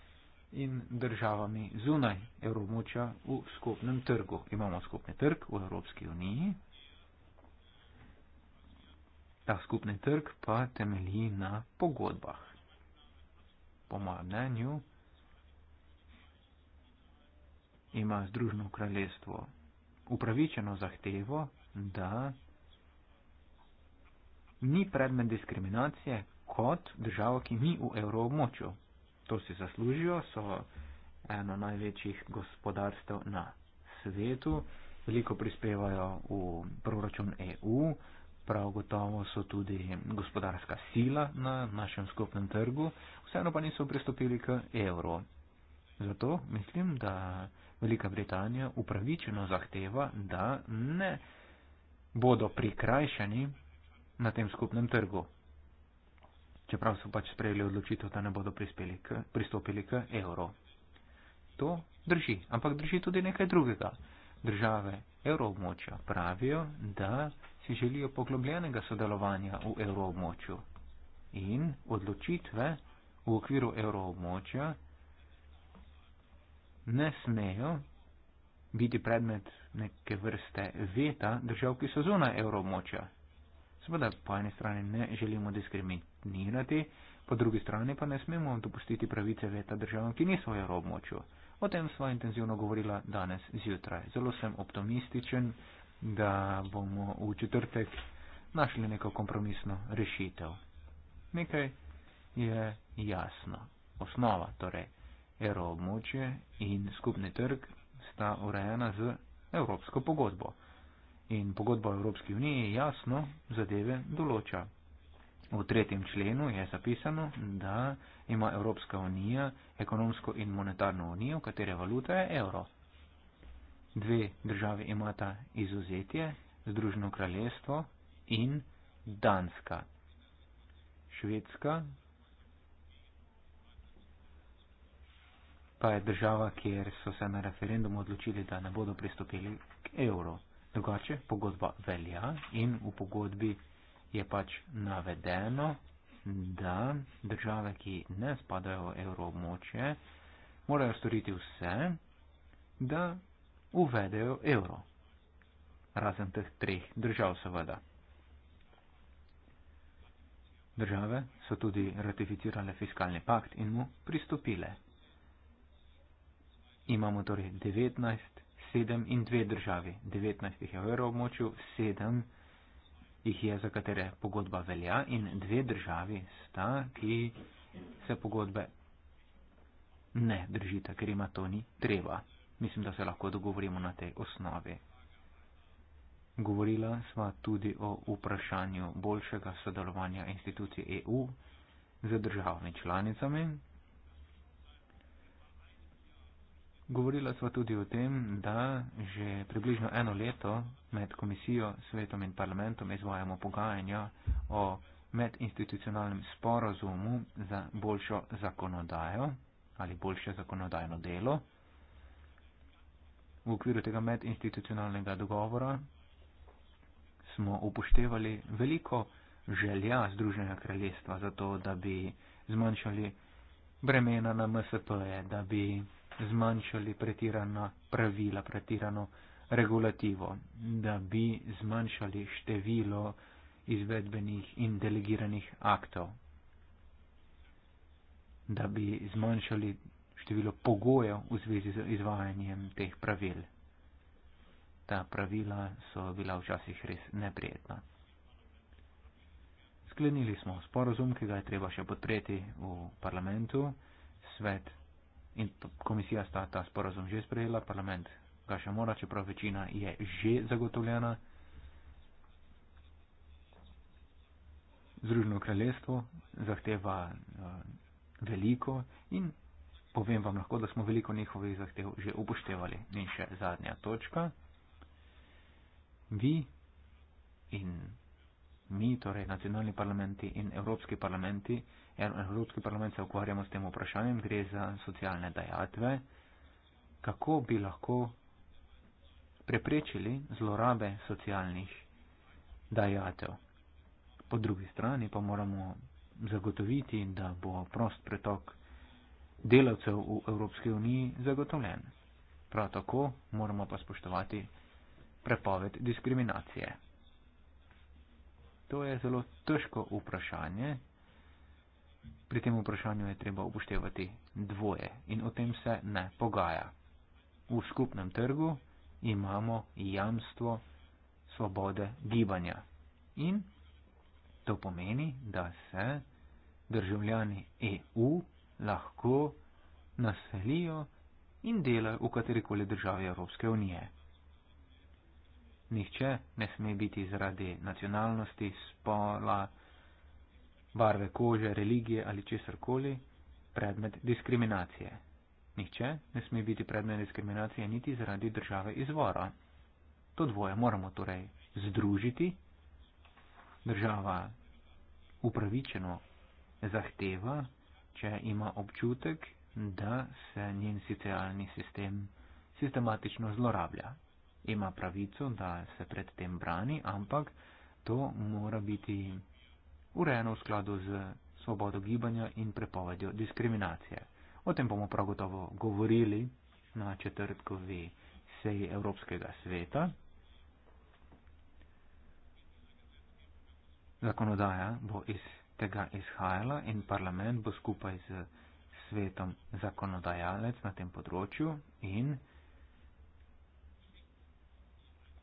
in državami zunaj evromoča v skupnem trgu. Imamo skupni trg v Evropski uniji. Ta skupni trg pa temelji na pogodbah. Po mojem mnenju ima Združeno kraljestvo upravičeno zahtevo, da ni predmet diskriminacije kot država, ki ni v evroobmočju to si zaslužijo, so eno največjih gospodarstev na svetu, veliko prispevajo v proračun EU, prav gotovo so tudi gospodarska sila na našem skupnem trgu, vseeno pa niso pristopili k evro. Zato mislim, da Velika Britanija upravičeno zahteva, da ne bodo prikrajšani na tem skupnem trgu čeprav so pač sprejeli odločitev, da ne bodo k, pristopili k evro. To drži, ampak drži tudi nekaj drugega. Države evroobmočja pravijo, da si želijo poglobljenega sodelovanja v evroobmočju in odločitve v okviru evroobmočja ne smejo biti predmet neke vrste veta držav, ki so zunaj evroobmočja. Seveda po eni strani ne želimo diskriminirati, po drugi strani pa ne smemo dopustiti pravice veta državam, ki niso v evroobmočju. O tem sva intenzivno govorila danes zjutraj. Zelo sem optimističen, da bomo v četrtek našli neko kompromisno rešitev. Nekaj je jasno. Osnova, torej evroobmočje in skupni trg sta urejena z evropsko pogodbo. In pogodba o Evropski uniji jasno zadeve določa. V tretjem členu je zapisano, da ima Evropska unija ekonomsko in monetarno unijo, katere valuta je evro. Dve države imata izuzetje, Združeno kraljestvo in Danska. Švedska pa je država, kjer so se na referendum odločili, da ne bodo pristopili k evro. Drugače, pogodba velja in v pogodbi je pač navedeno, da države, ki ne spadajo v evroobmočje, morajo storiti vse, da uvedejo evro. Razen teh treh držav, seveda. Države so tudi ratificirale fiskalni pakt in mu pristopile. Imamo torej 19 sedem in dve državi. 19 jih je v evroobmočju, sedem jih je, za katere pogodba velja in dve državi sta, ki se pogodbe ne držita, ker ima to ni treba. Mislim, da se lahko dogovorimo na tej osnovi. Govorila sva tudi o vprašanju boljšega sodelovanja institucij EU z državami članicami, Govorila sva tudi o tem, da že približno eno leto med komisijo, svetom in parlamentom izvajamo pogajanja o medinstitucionalnem sporozumu za boljšo zakonodajo ali boljše zakonodajno delo. V okviru tega medinstitucionalnega dogovora smo upoštevali veliko želja Združenega kraljestva za to, da bi zmanjšali bremena na MSP-je, da bi zmanjšali pretirana pravila, pretirano regulativo, da bi zmanjšali število izvedbenih in delegiranih aktov, da bi zmanjšali število pogojev v zvezi z izvajanjem teh pravil. Ta pravila so bila včasih res neprijetna. Sklenili smo sporozum, ki ga je treba še podpreti v parlamentu. Svet In komisija sta ta sporazum že sprejela, parlament ga še mora, čeprav večina je že zagotovljena. Združeno kraljestvo zahteva uh, veliko in povem vam lahko, da smo veliko njihovih zahtev že upoštevali. In še zadnja točka. Vi in mi, torej nacionalni parlamenti in evropski parlamenti, er, evropski parlament se ukvarjamo s tem vprašanjem, gre za socialne dajatve, kako bi lahko preprečili zlorabe socialnih dajatev. Po drugi strani pa moramo zagotoviti, da bo prost pretok delavcev v Evropski uniji zagotovljen. Prav tako moramo pa spoštovati prepoved diskriminacije. To je zelo težko vprašanje. Pri tem vprašanju je treba upoštevati dvoje in o tem se ne pogaja. V skupnem trgu imamo jamstvo svobode gibanja in to pomeni, da se državljani EU lahko naselijo in delajo v katerikoli državi Evropske unije. Nihče ne sme biti zaradi nacionalnosti, spola, barve kože, religije ali česarkoli predmet diskriminacije. Nihče ne sme biti predmet diskriminacije niti zaradi države izvora. To dvoje moramo torej združiti. Država upravičeno zahteva, če ima občutek, da se njen socialni sistem sistematično zlorablja ima pravico, da se pred tem brani, ampak to mora biti urejeno v skladu z svobodo gibanja in prepovedjo diskriminacije. O tem bomo prav gotovo govorili na četrtkovi seji Evropskega sveta. Zakonodaja bo iz tega izhajala in parlament bo skupaj z svetom zakonodajalec na tem področju in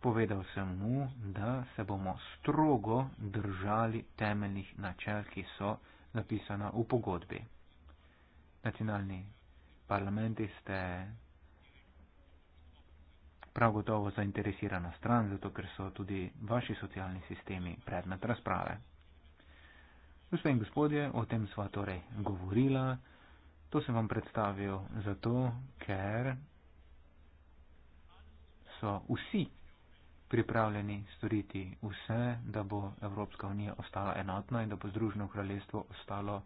Povedal sem mu, da se bomo strogo držali temeljnih načel, ki so napisana v pogodbi. Nacionalni parlamenti ste prav gotovo zainteresirana stran, zato ker so tudi vaši socialni sistemi predmet razprave. Gospe in gospodje, o tem sva torej govorila. To sem vam predstavil zato, ker so vsi pripravljeni storiti vse, da bo Evropska unija ostala enotna in da bo Združeno kraljestvo ostalo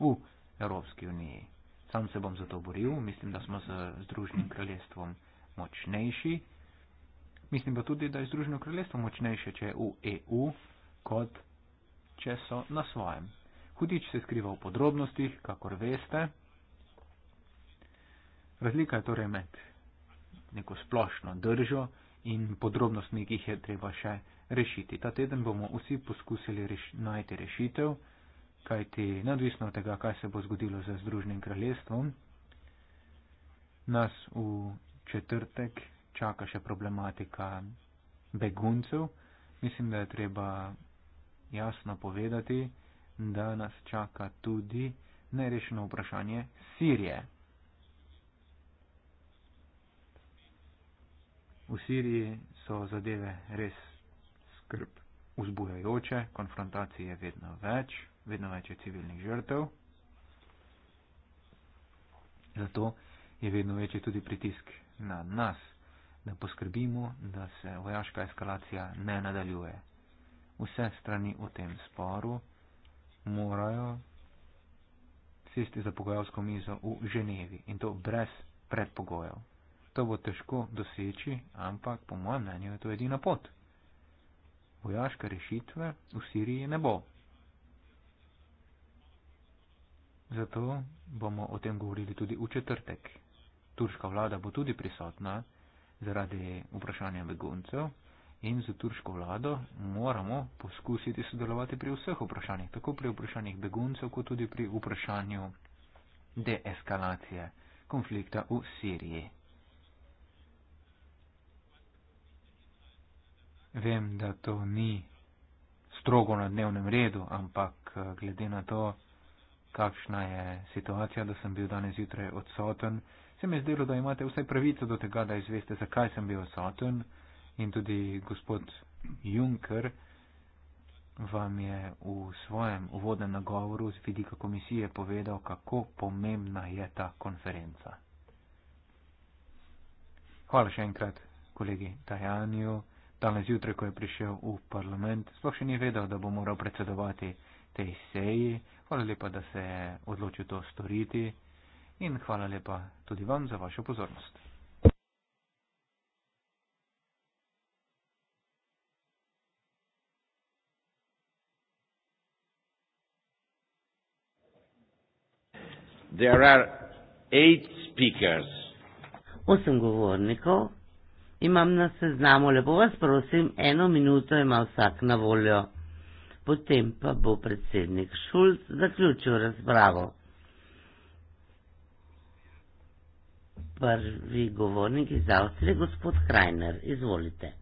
v Evropski uniji. Sam se bom za to boril, mislim, da smo z Združenim kraljestvom močnejši. Mislim pa tudi, da je Združeno kraljestvo močnejše, če je v EU, kot če so na svojem. Hudič se skriva v podrobnostih, kakor veste. Razlika je torej med neko splošno držo in podrobnostmi, ki jih je treba še rešiti. Ta teden bomo vsi poskusili reš najti rešitev, kajti neodvisno od tega, kaj se bo zgodilo z Združenim kraljestvom, nas v četrtek čaka še problematika beguncev. Mislim, da je treba jasno povedati, da nas čaka tudi nerešeno vprašanje Sirije. V Siriji so zadeve res skrb vzbujajoče, konfrontacije je vedno več, vedno več je civilnih žrtev. Zato je vedno večji tudi pritisk na nas, da poskrbimo, da se vojaška eskalacija ne nadaljuje. Vse strani v tem sporu morajo sesti za pogajalsko mizo v Ženevi in to brez predpogojev to bo težko doseči, ampak po mojem mnenju je to edina pot. Vojaške rešitve v Siriji ne bo. Zato bomo o tem govorili tudi v četrtek. Turška vlada bo tudi prisotna zaradi vprašanja beguncev in z turško vlado moramo poskusiti sodelovati pri vseh vprašanjih, tako pri vprašanjih beguncev, kot tudi pri vprašanju deeskalacije konflikta v Siriji. Vem, da to ni strogo na dnevnem redu, ampak eh, glede na to, kakšna je situacija, da sem bil danes zjutraj odsoten, se mi je zdelo, da imate vsaj pravico do tega, da izveste, zakaj sem bil odsoten. In tudi gospod Juncker vam je v svojem uvodnem nagovoru z vidika komisije povedal, kako pomembna je ta konferenca. Hvala še enkrat, kolegi Tajanju. Danes jutraj, ko je prišel v parlament, sploh še ni vedel, da bo moral predsedovati tej seji. Hvala lepa, da se je odločil to storiti in hvala lepa tudi vam za vašo pozornost. There are eight speakers. Osem govornikov imam na seznamu, lepo vas prosim, eno minuto ima vsak na voljo. Potem pa bo predsednik Šulc zaključil razpravo. Prvi govornik iz Avstrije, gospod Krajner, izvolite.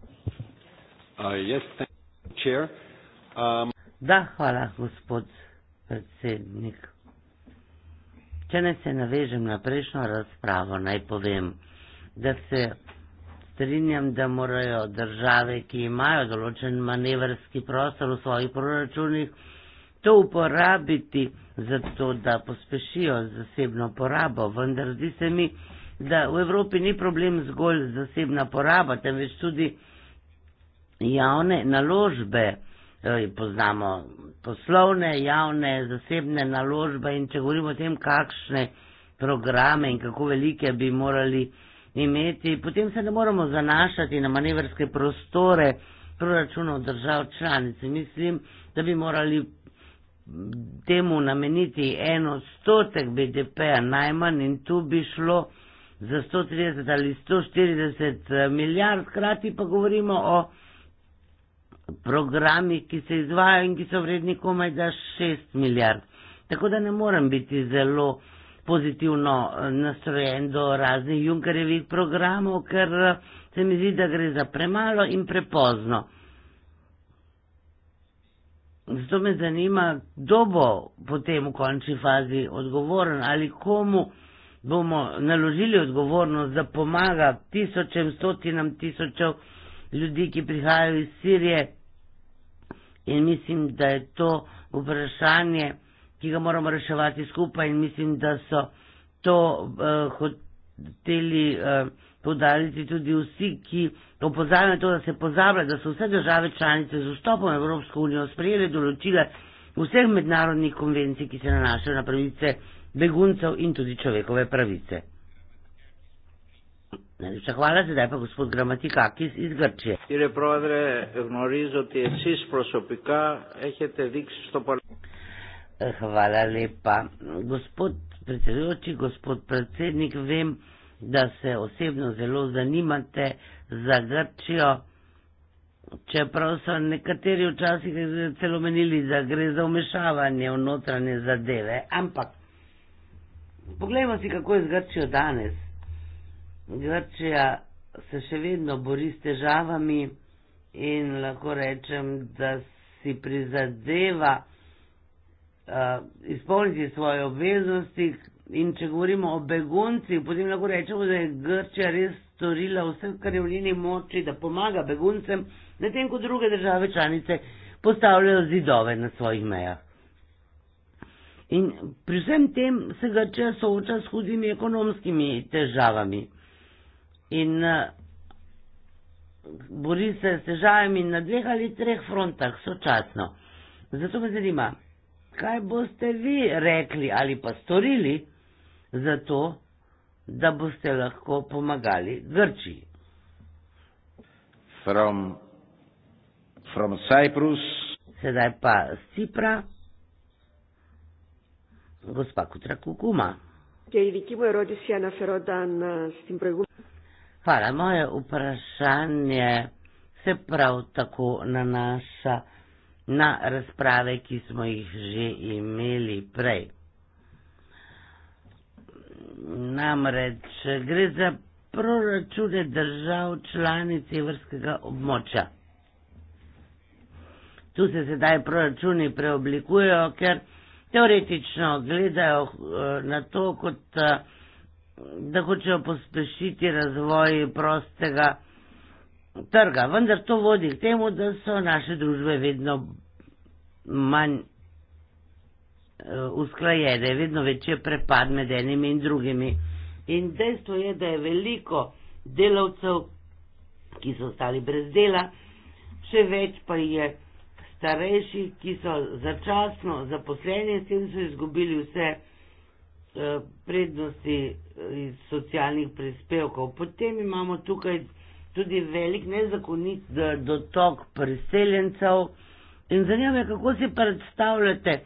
Uh, yes, chair. Um... Da, hvala, gospod predsednik. Če ne se navežem na prejšnjo razpravo, naj povem, da se strinjam, da morajo države, ki imajo določen manevrski prostor v svojih proračunih, to uporabiti za to, da pospešijo zasebno porabo. Vendar zdi se mi, da v Evropi ni problem zgolj zasebna poraba, temveč tudi javne naložbe. Torej, poznamo poslovne, javne, zasebne naložbe in če govorimo o tem, kakšne programe in kako velike bi morali imeti, potem se ne moremo zanašati na manevrske prostore proračunov držav članic. Mislim, da bi morali temu nameniti en odstotek BDP-a najmanj in tu bi šlo za 130 ali 140 eh, milijard, hkrati pa govorimo o programih, ki se izvajajo in ki so vredni komaj za 6 milijard. Tako da ne morem biti zelo pozitivno eh, nastrojen do raznih Junkerjevih programov, ker eh, se mi zdi, da gre za premalo in prepozno. Zato me zanima, kdo bo potem v končni fazi odgovoren ali komu bomo naložili odgovornost, da pomaga tisočem, stotinam tisočev ljudi, ki prihajajo iz Sirije. In mislim, da je to vprašanje ki ga moramo reševati skupaj in mislim, da so to uh, hoteli uh, eh, podariti tudi vsi, ki opozarjajo to, da se pozablja, da so vse države članice z vstopom v Evropsko unijo sprejeli določila vseh mednarodnih konvencij, ki se nanašajo na pravice beguncev in tudi človekove pravice. Najlepša hvala, zdaj pa gospod Gramatikakis iz Grčije. Kire provedre, ignorizo ti je sis prosopika, ehete diks stopal. Hvala lepa. Gospod predsedujoči, gospod predsednik, vem, da se osebno zelo zanimate za Grčijo, čeprav so nekateri včasih celo menili, da gre za umešavanje v notranje zadeve. Ampak poglejmo si, kako je z Grčijo danes. Grčija se še vedno bori s težavami in lahko rečem, da si prizadeva, izpolniti svoje obveznosti. In če govorimo o beguncih, potem lahko rečemo, da je Grčija res storila vse, kar je v njeni moči, da pomaga beguncem, medtem ko druge države članice postavljajo zidove na svojih mejah. In pri vsem tem se Grčija sooča s hudimi ekonomskimi težavami. In bori se s težavami na dveh ali treh frontah sočasno. Zato me zanima kaj boste vi rekli ali pa storili za to, da boste lahko pomagali Grčiji. From, from Cyprus. Sedaj pa z Cipra, gospa Kutra Kukuma. Hvala, moje vprašanje se prav tako nanaša na na razprave, ki smo jih že imeli prej. Namreč gre za proračune držav članic evrskega območja. Tu se sedaj proračuni preoblikujejo, ker teoretično gledajo eh, na to, kot eh, da hočejo pospešiti razvoj prostega trga. Vendar to vodi k temu, da so naše družbe vedno manj eh, usklajene, vedno večje prepad med enimi in drugimi. In dejstvo je, da je veliko delavcev, ki so ostali brez dela, še več pa je starejših, ki so začasno zaposleni, s tem so izgubili vse eh, prednosti eh, iz socialnih prispevkov. Potem imamo tukaj tudi velik nezakonit eh, dotok priseljencev. In zanima me, kako si predstavljate,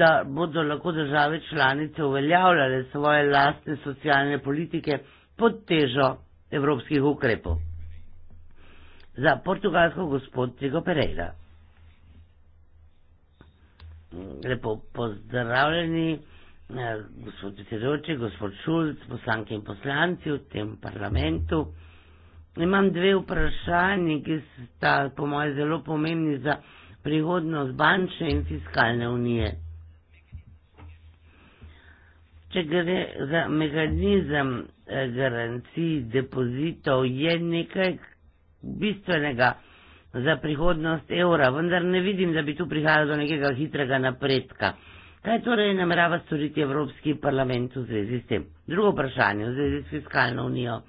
da bodo lahko države članice uveljavljale svoje lastne socialne politike pod težo evropskih ukrepov. Za portugalsko gospod Tigo Pereira. Lepo pozdravljeni, eh, gospod predsedujoči, gospod Šulc, poslanke in poslanci v tem parlamentu. Hvala. Imam dve vprašanje, ki sta po mojem zelo pomembni za prihodnost bančne in fiskalne unije. Če gre za mehanizem eh, garancij depozitov, je nekaj bistvenega za prihodnost evra, vendar ne vidim, da bi tu prihajalo do nekega hitrega napredka. Kaj torej namerava storiti Evropski parlament v zvezi s tem? Drugo vprašanje v zvezi s fiskalno unijo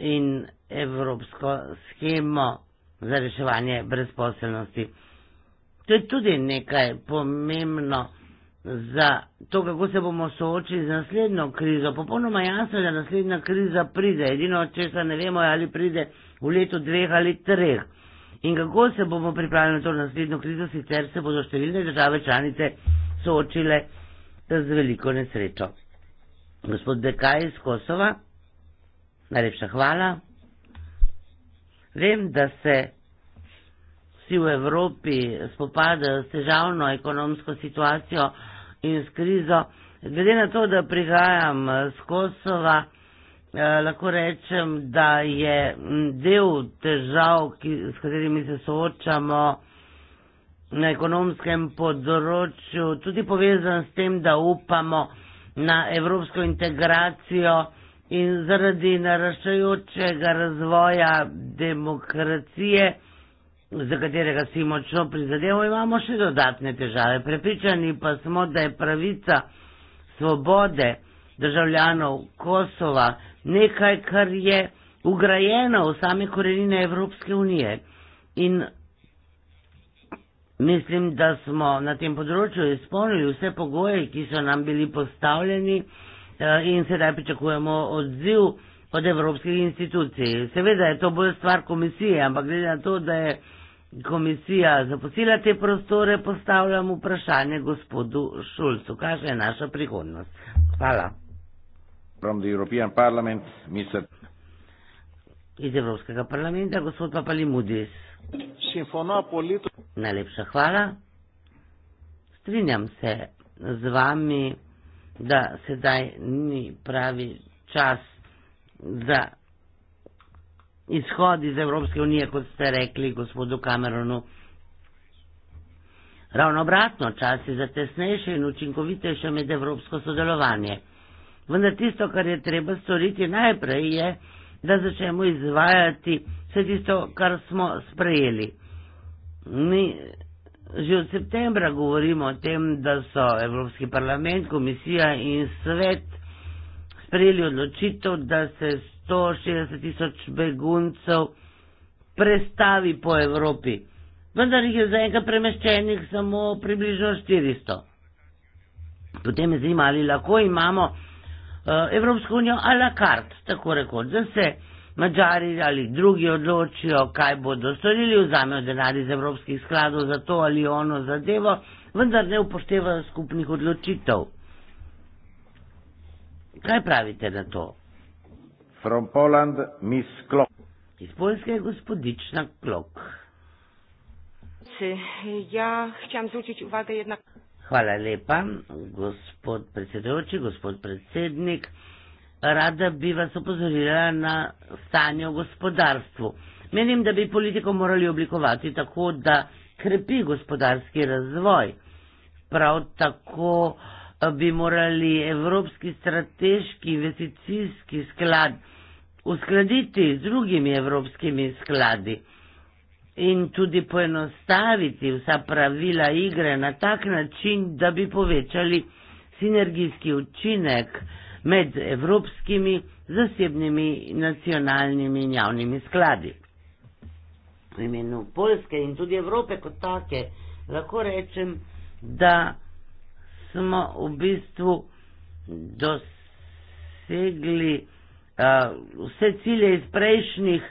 in evropsko schemo za reševanje brezposelnosti. To je tudi nekaj pomembno za to, kako se bomo soočili z naslednjo krizo. Popolnoma jasno je, da naslednja kriza pride. Edino, če se ne vemo, ali pride v letu dveh ali treh. In kako se bomo pripravili na to naslednjo krizo, sicer se bodo številne države članice soočile z veliko nesrečo. Gospod Dekaj iz Kosova. Najlepša hvala. Vem, da se vsi v Evropi spopadajo s težavno ekonomsko situacijo in s krizo. Glede na to, da prihajam z Kosova, eh, lahko rečem, da je del težav, ki, s katerimi se soočamo na ekonomskem področju, tudi povezan s tem, da upamo na evropsko integracijo in zaradi naraščajočega razvoja demokracije, za katerega si močno prizadevamo, imamo še dodatne težave. Prepričani pa smo, da je pravica svobode državljanov Kosova nekaj, kar je ugrajeno v same korenine Evropske unije. In mislim, da smo na tem področju izpolnili vse pogoje, ki so nam bili postavljeni. Eh, in sedaj pričakujemo odziv od evropskih institucij. Seveda je to bolj stvar komisije, ampak glede na to, da je komisija zaposila te prostore, postavljam vprašanje gospodu Šulcu, kakšna je naša prihodnost. Hvala. Iz Evropskega parlamenta, gospod Papali Mudis. Najlepša hvala. Strinjam se z vami da sedaj ni pravi čas za izhod iz Evropske unije, kot ste rekli gospodu Cameronu. Ravno obratno, čas je za tesnejše in učinkovitejše medevropsko sodelovanje. Vendar tisto, kar je treba storiti najprej, je, da začnemo izvajati vse tisto, kar smo sprejeli. Mi Že od septembra govorimo o tem, da so Evropski parlament, komisija in svet sprejeli odločitev, da se 160 tisoč beguncev prestavi po Evropi. Vendar jih je za enega premeščenih samo približno 400. Potem je zanimalo, ali lahko imamo uh, Evropsko unijo a la carte, tako rekoč, da se Mačari ali drugi odločijo, kaj bodo storili, vzamejo denar iz evropskih skladov za to ali ono zadevo, vendar ne upoštevajo skupnih odločitev. Kaj pravite na to? From Poland, Miss Klok. Iz Poljske je gospodična Klok. Ja, hčem zvučiti uvade jednak. Hvala lepa, gospod predsedujoči, gospod predsednik rada bi vas opozorila na stanje v gospodarstvu. Menim, da bi politiko morali oblikovati tako, da krepi gospodarski razvoj. Prav tako eh, bi morali Evropski strateški investicijski sklad uskladiti z drugimi evropskimi skladi in tudi poenostaviti vsa pravila igre na tak način, da bi povečali sinergijski učinek med evropskimi, zasebnimi, nacionalnimi in javnimi skladi. V imenu Poljske in tudi Evrope kot take lahko rečem, da smo v bistvu dosegli uh, vse cilje iz prejšnjih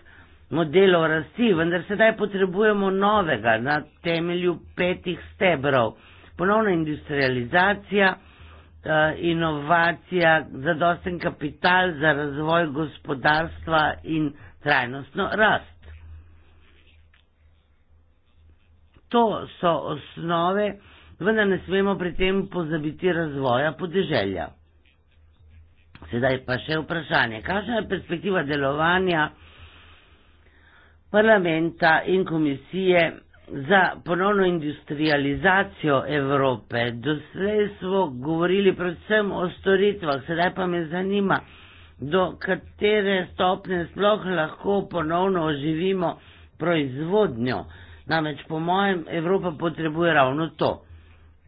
modelov rasti, vendar sedaj potrebujemo novega na temelju petih stebrov. Ponovna industrializacija, Eh, inovacija, zadosten kapital za razvoj gospodarstva in trajnostno rast. To so osnove, vendar ne smemo pri tem pozabiti razvoja podeželja. Sedaj pa še vprašanje, kakšna je perspektiva delovanja parlamenta in komisije za ponovno industrializacijo Evrope. Doslej smo govorili predvsem o storitvah, sedaj pa me zanima, do katere stopne sploh lahko ponovno oživimo proizvodnjo. Namreč po mojem Evropa potrebuje ravno to.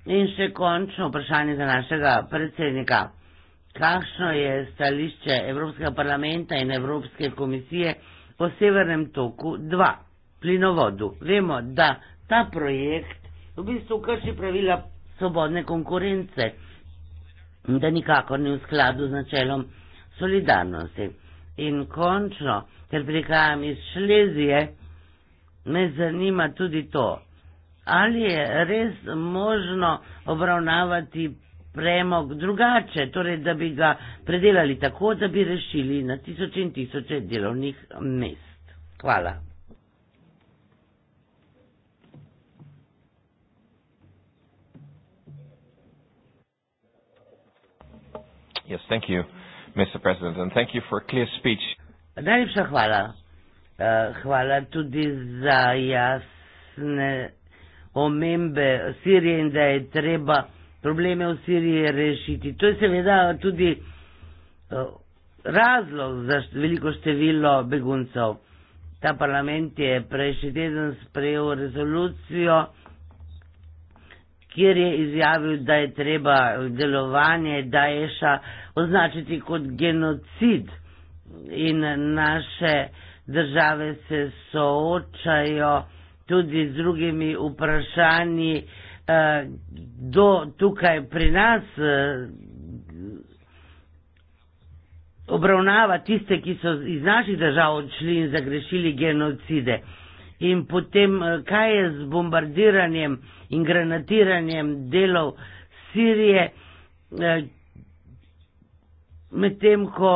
In še končno vprašanje za našega predsednika. Kakšno je stališče Evropskega parlamenta in Evropske komisije o Severnem toku 2? plinovodu. Vemo, da ta projekt v bistvu krši pravila svobodne konkurence, da nikako ni v skladu z načelom solidarnosti. In končno, ker prihajam iz Šlezije, me zanima tudi to, ali je res možno obravnavati premog drugače, torej da bi ga predelali tako, da bi rešili na tisoče in tisoče delovnih mest. Hvala. Yes, thank you, Mr. President, and thank you for a clear speech. Najlepša hvala. Uh, hvala tudi za jasne omembe Sirije in da je treba probleme v Siriji rešiti. To je seveda tudi uh, razlog za št veliko število beguncev. Ta parlament je prejšnji teden sprejel rezolucijo, kjer je izjavil, da je treba delovanje Daesha označiti kot genocid in naše države se soočajo tudi z drugimi vprašanji eh, do tukaj pri nas eh, obravnava tiste, ki so iz naših držav odšli in zagrešili genocide in potem eh, kaj je z bombardiranjem in granatiranjem delov Sirije, eh, medtem ko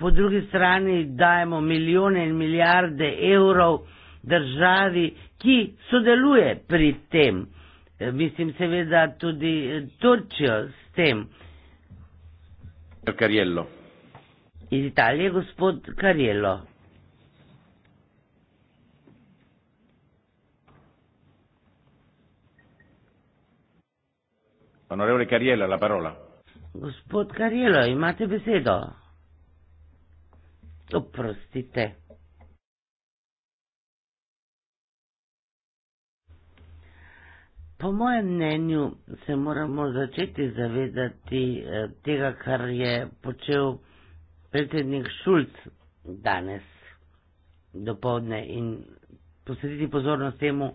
po drugi strani dajemo milijone in milijarde evrov državi, ki sodeluje pri tem. Eh, mislim seveda tudi Turčijo s tem. Carriello. Iz Italije gospod Carriello. Onorevole Cariello, la parola. Gospod Cariello, imate besedo. Oprostite. Po mojem mnenju se moramo začeti zavedati eh, tega, kar je počel predsednik Šulc danes do povdne in posvetiti pozornost temu,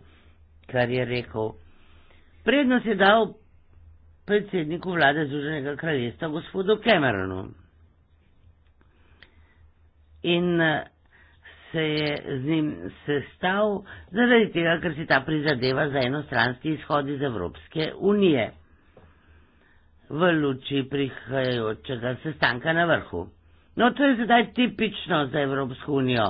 kar je rekel. Prednost je dal predsedniku vlade Združenega kraljestva, gospodu Cameronu. In eh, se je z njim sestal zaradi tega, ker si ta prizadeva za enostranski izhod iz Evropske unije v luči prihajajočega sestanka na vrhu. No, to je sedaj tipično za Evropsko unijo.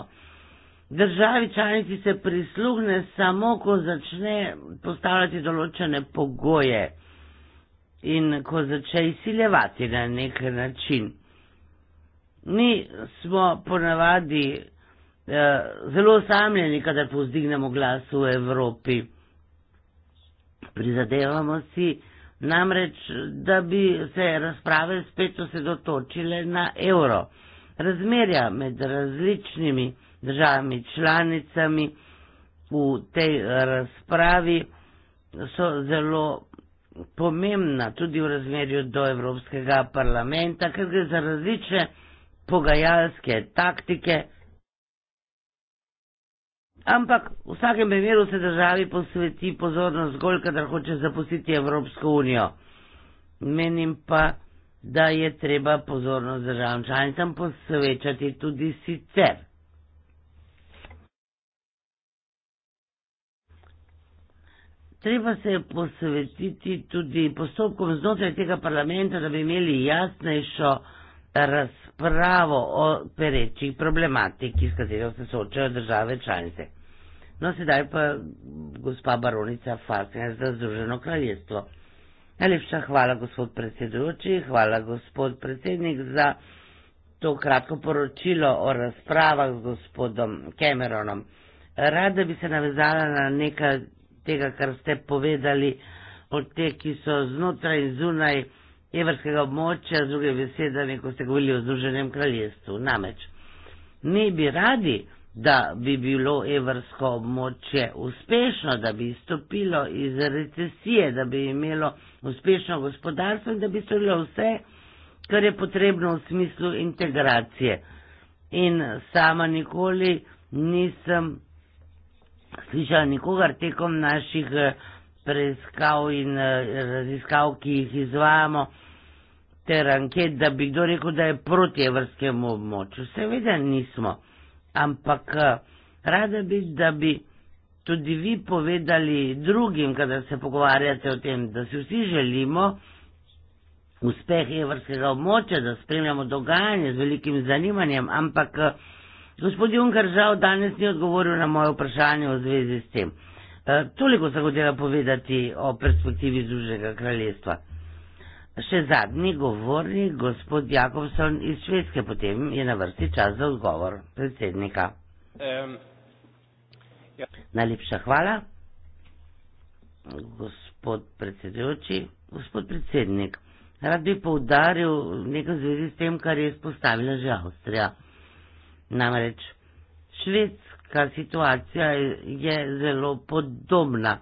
Državi članici se prisluhne samo, ko začne postavljati določene pogoje in ko začne izsiljevati na nek način. Mi smo ponavadi eh, zelo osamljeni, kadar povzdignemo glas v Evropi. Prizadevamo si namreč, da bi se razprave spet osredotočile na evro. Razmerja med različnimi državami članicami v tej razpravi so zelo pomembna tudi v razmerju do Evropskega parlamenta, ker gre za različne pogajalske taktike. Ampak v vsakem primeru se državi posveti pozornost zgolj, kadar hoče zapustiti Evropsko unijo. Menim pa, da je treba pozornost državam članicam posvečati tudi sicer. Treba se je posvetiti tudi postopkom znotraj tega parlamenta, da bi imeli jasnejšo razpravo o perečih problematiki, s katero se soočajo države članice. No, sedaj pa gospa baronica Fasner za Združeno kraljestvo. Najlepša hvala, gospod predsedujoči, hvala, gospod predsednik, za to kratko poročilo o razpravah z gospodom Cameronom. Rada bi se navezala na nekaj tega, kar ste povedali, od te, ki so znotraj in zunaj evrskega območja, z druge besedami, ko ste govorili o Združenem kraljestvu. Namreč, mi bi radi, da bi bilo evrsko območje uspešno, da bi izstopilo iz recesije, da bi imelo uspešno gospodarstvo in da bi storilo vse, kar je potrebno v smislu integracije. In sama nikoli nisem slišala nikogar tekom naših eh, preiskav in eh, raziskav, ki jih izvajamo, ter anket, da bi kdo rekel, da je proti evrskemu območju. Seveda nismo, ampak eh, rada bi, da bi tudi vi povedali drugim, kadar se pogovarjate o tem, da si vsi želimo uspeh evrskega območja, da spremljamo dogajanje z velikim zanimanjem, ampak Gospod Junker žal danes ni odgovoril na moje vprašanje v zvezi s tem. E, toliko sem hotela povedati o perspektivi Združenega kraljestva. Še zadnji govornik, gospod Jakobson iz Švedske, potem je na vrsti čas za odgovor predsednika. Um, ja. Najlepša hvala. Gospod predsedujoči, gospod predsednik, rad bi poudaril nekaj zvezi s tem, kar je izpostavila že Avstrija. Namreč švedska situacija je zelo podobna.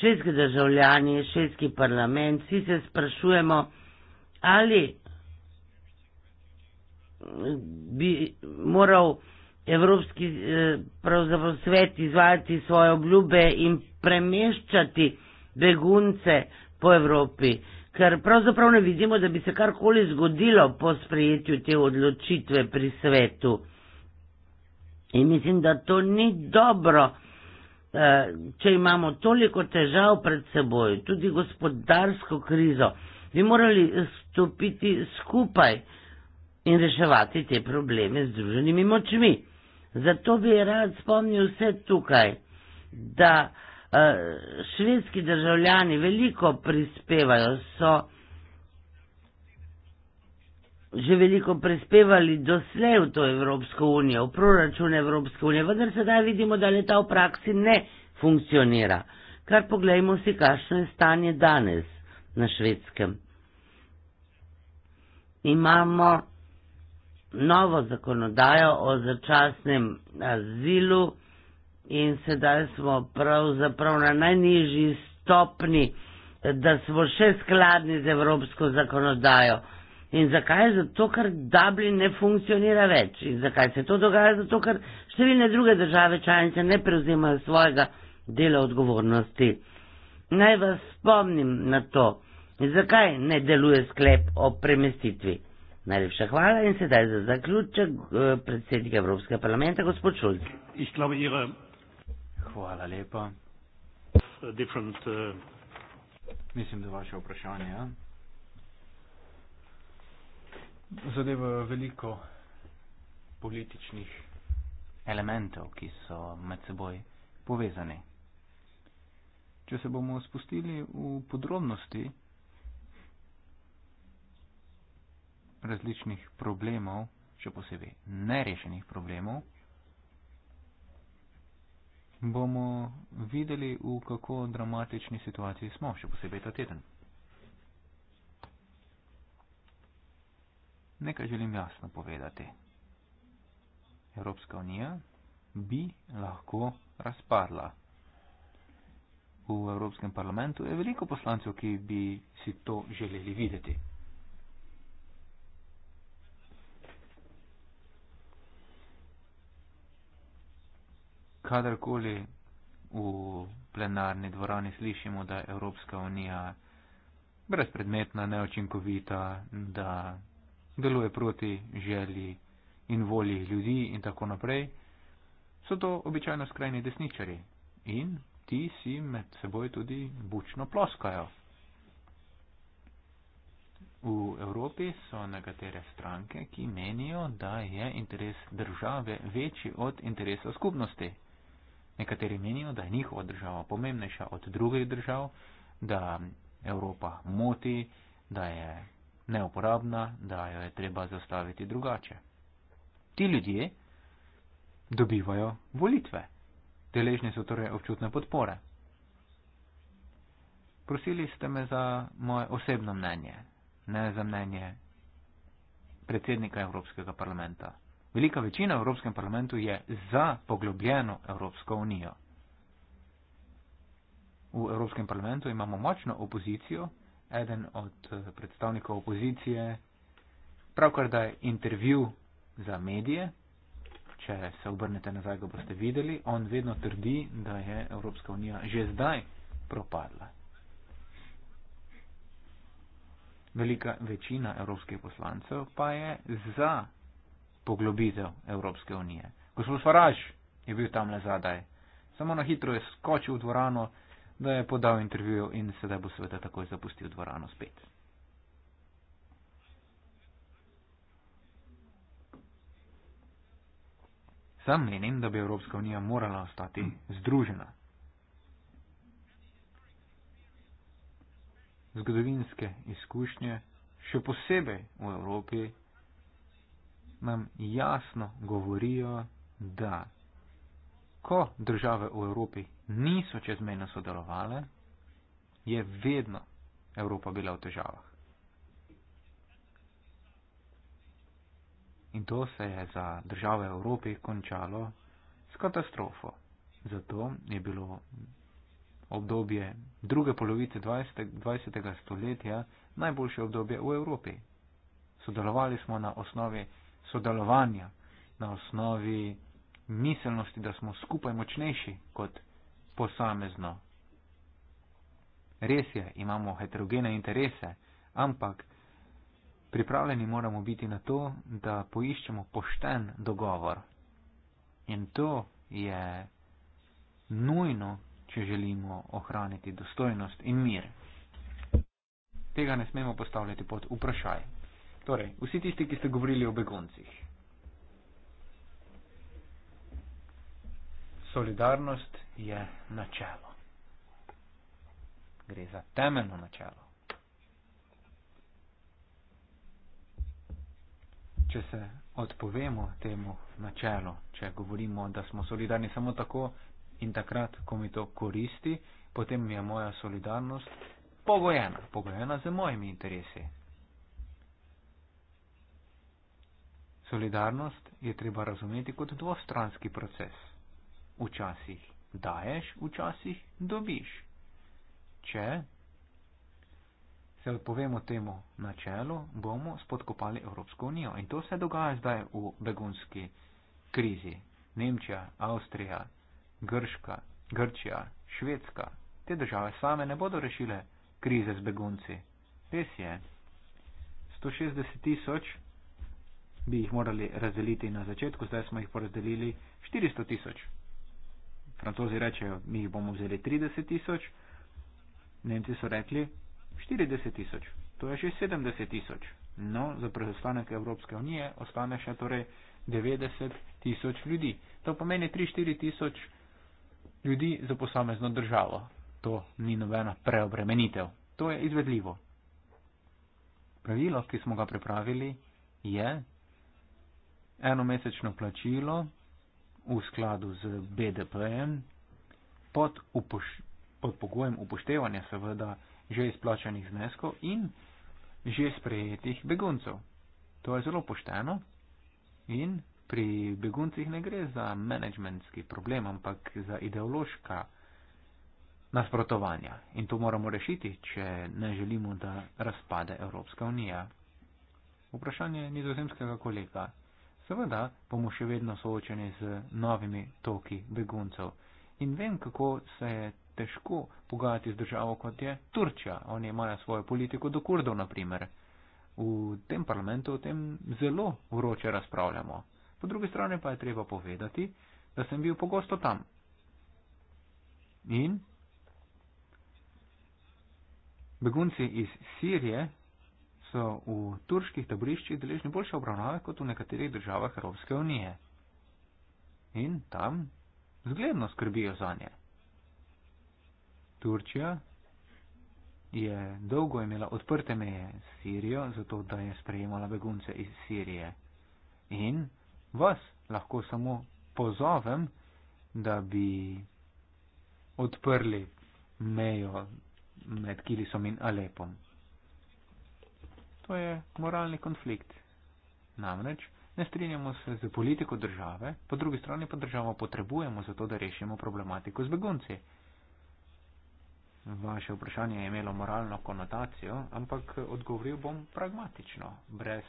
Švedski državljani, švedski parlament, vsi se sprašujemo, ali bi moral Evropski eh, svet izvajati svoje obljube in premeščati begunce po Evropi ker pravzaprav ne vidimo, da bi se karkoli zgodilo po sprejetju te odločitve pri svetu. In mislim, da to ni dobro, eh, če imamo toliko težav pred seboj, tudi gospodarsko krizo, bi morali stopiti skupaj in reševati te probleme z druženimi močmi. Zato bi rad spomnil vse tukaj, da Eh, švedski državljani veliko prispevajo, so že veliko prispevali doslej v to Evropsko unijo, v proračun Evropske unije, vendar sedaj vidimo, da leta v praksi ne funkcionira. Kar pogledajmo si, kakšno je stanje danes na švedskem. Imamo novo zakonodajo o začasnem azilu, in sedaj smo pravzaprav na najnižji stopni, da smo še skladni z evropsko zakonodajo. In zakaj? Zato, ker Dublin ne funkcionira več. In zakaj se to dogaja? Zato, ker številne druge države članice ne prevzemajo svojega dela odgovornosti. Naj vas spomnim na to. In zakaj ne deluje sklep o premestitvi? Najlepša hvala in sedaj za zaključek eh, predsednik Evropskega parlamenta, gospod Šulc. Hvala lepa. Different, uh, Mislim, da vaše vprašanje. Ja? Zadeva veliko političnih elementov, ki so med seboj povezani. Če se bomo spustili v podrobnosti različnih problemov, še posebej nerešenih problemov, bomo videli, v kako dramatični situaciji smo, še posebej ta teden. Nekaj želim jasno povedati. Evropska unija bi lahko razpadla. V Evropskem parlamentu je veliko poslancev, ki bi si to želeli videti. kadarkoli v plenarni dvorani slišimo, da je Evropska unija brezpredmetna, neočinkovita, da deluje proti želji in volji ljudi in tako naprej, so to običajno skrajni desničari in ti si med seboj tudi bučno ploskajo. V Evropi so nekatere stranke, ki menijo, da je interes države večji od interesa skupnosti. Nekateri menijo, da je njihova država pomembnejša od drugih držav, da Evropa moti, da je neuporabna, da jo je treba zastaviti drugače. Ti ljudje dobivajo volitve, deležni so torej občutne podpore. Prosili ste me za moje osebno mnenje, ne za mnenje predsednika Evropskega parlamenta. Velika večina v Evropskem parlamentu je za poglobljeno Evropsko unijo. V Evropskem parlamentu imamo močno opozicijo. Eden od eh, predstavnikov opozicije pravkar da je intervju za medije. Če se obrnete nazaj, ga boste videli. On vedno trdi, da je Evropska unija že zdaj propadla. Velika večina evropskih poslancev pa je za poglobitev Evropske unije. Gospod Farage je bil tam le zadaj, samo na hitro je skočil v dvorano, da je podal intervju in sedaj bo seveda takoj zapustil dvorano spet. Sam menim, da bi Evropska unija morala ostati združena. Zgodovinske izkušnje, še posebej v Evropi, nam jasno govorijo, da ko države v Evropi niso čezmejno sodelovale, je vedno Evropa bila v težavah. In to se je za države v Evropi končalo s katastrofo. Zato je bilo obdobje druge polovice 20. 20. stoletja najboljše obdobje v Evropi. Sodelovali smo na osnovi sodelovanja, na osnovi miselnosti, da smo skupaj močnejši kot posamezno. Res je, imamo heterogene interese, ampak pripravljeni moramo biti na to, da poiščemo pošten dogovor. In to je nujno, če želimo ohraniti dostojnost in mir. Tega ne smemo postavljati pod vprašanje. Torej, vsi tisti, ki ste govorili o beguncih. Solidarnost je načelo. Gre za temeljno načelo. Če se odpovemo temu načelu, če govorimo, da smo solidarni samo tako in takrat, ko mi to koristi, potem je moja solidarnost pogojena, pogojena z mojimi interesi, Solidarnost je treba razumeti kot dvostranski proces. Včasih daješ, včasih dobiš. Če se odpovemo temu načelu, bomo spodkopali Evropsko unijo. In to se dogaja zdaj v begunski krizi. Nemčija, Avstrija, Grška, Grčija, Švedska. Te države same ne bodo rešile krize z begunci. Res je. 160 tisoč bi jih morali razdeliti na začetku, zdaj smo jih porazdelili 400 tisoč. Francozi rečejo, mi jih bomo vzeli 30 tisoč, Nemci so rekli 40 tisoč, to je že 70 tisoč. No, za preostanek Evropske unije ostane še torej 90 tisoč ljudi. To pomeni 3-4 tisoč ljudi za posamezno državo. To ni nobena preobremenitev. To je izvedljivo. Pravilo, ki smo ga pripravili, je, enomesečno plačilo v skladu z BDP-em pod, upoš pod pogojem upoštevanja seveda že izplačanih zneskov in že sprejetih beguncev. To je zelo pošteno in pri beguncih ne gre za menedžmentski problem, ampak za ideološka nasprotovanja. In to moramo rešiti, če ne želimo, da razpade Evropska unija. Vprašanje nizozemskega kolega. Seveda bomo še vedno soočeni z novimi toki beguncev. In vem, kako se je težko pogajati z državo, kot je Turčja. Oni imajo svojo politiko do kurdov, naprimer. V tem parlamentu o tem zelo vroče razpravljamo. Po drugi strani pa je treba povedati, da sem bil pogosto tam. In begunci iz Sirije so v turških taboriščih deležni boljše obravnave kot v nekaterih državah Evropske unije. In tam zgledno skrbijo za nje. Turčija je dolgo imela odprte meje s Sirijo, zato da je sprejemala begunce iz Sirije. In vas lahko samo pozovem, da bi odprli mejo med Kilisom in Alepom. To je moralni konflikt. Namreč ne strinjamo se z politiko države, po drugi strani pa državo potrebujemo zato, da rešimo problematiko z begunci. Vaše vprašanje je imelo moralno konotacijo, ampak odgovoril bom pragmatično. Brez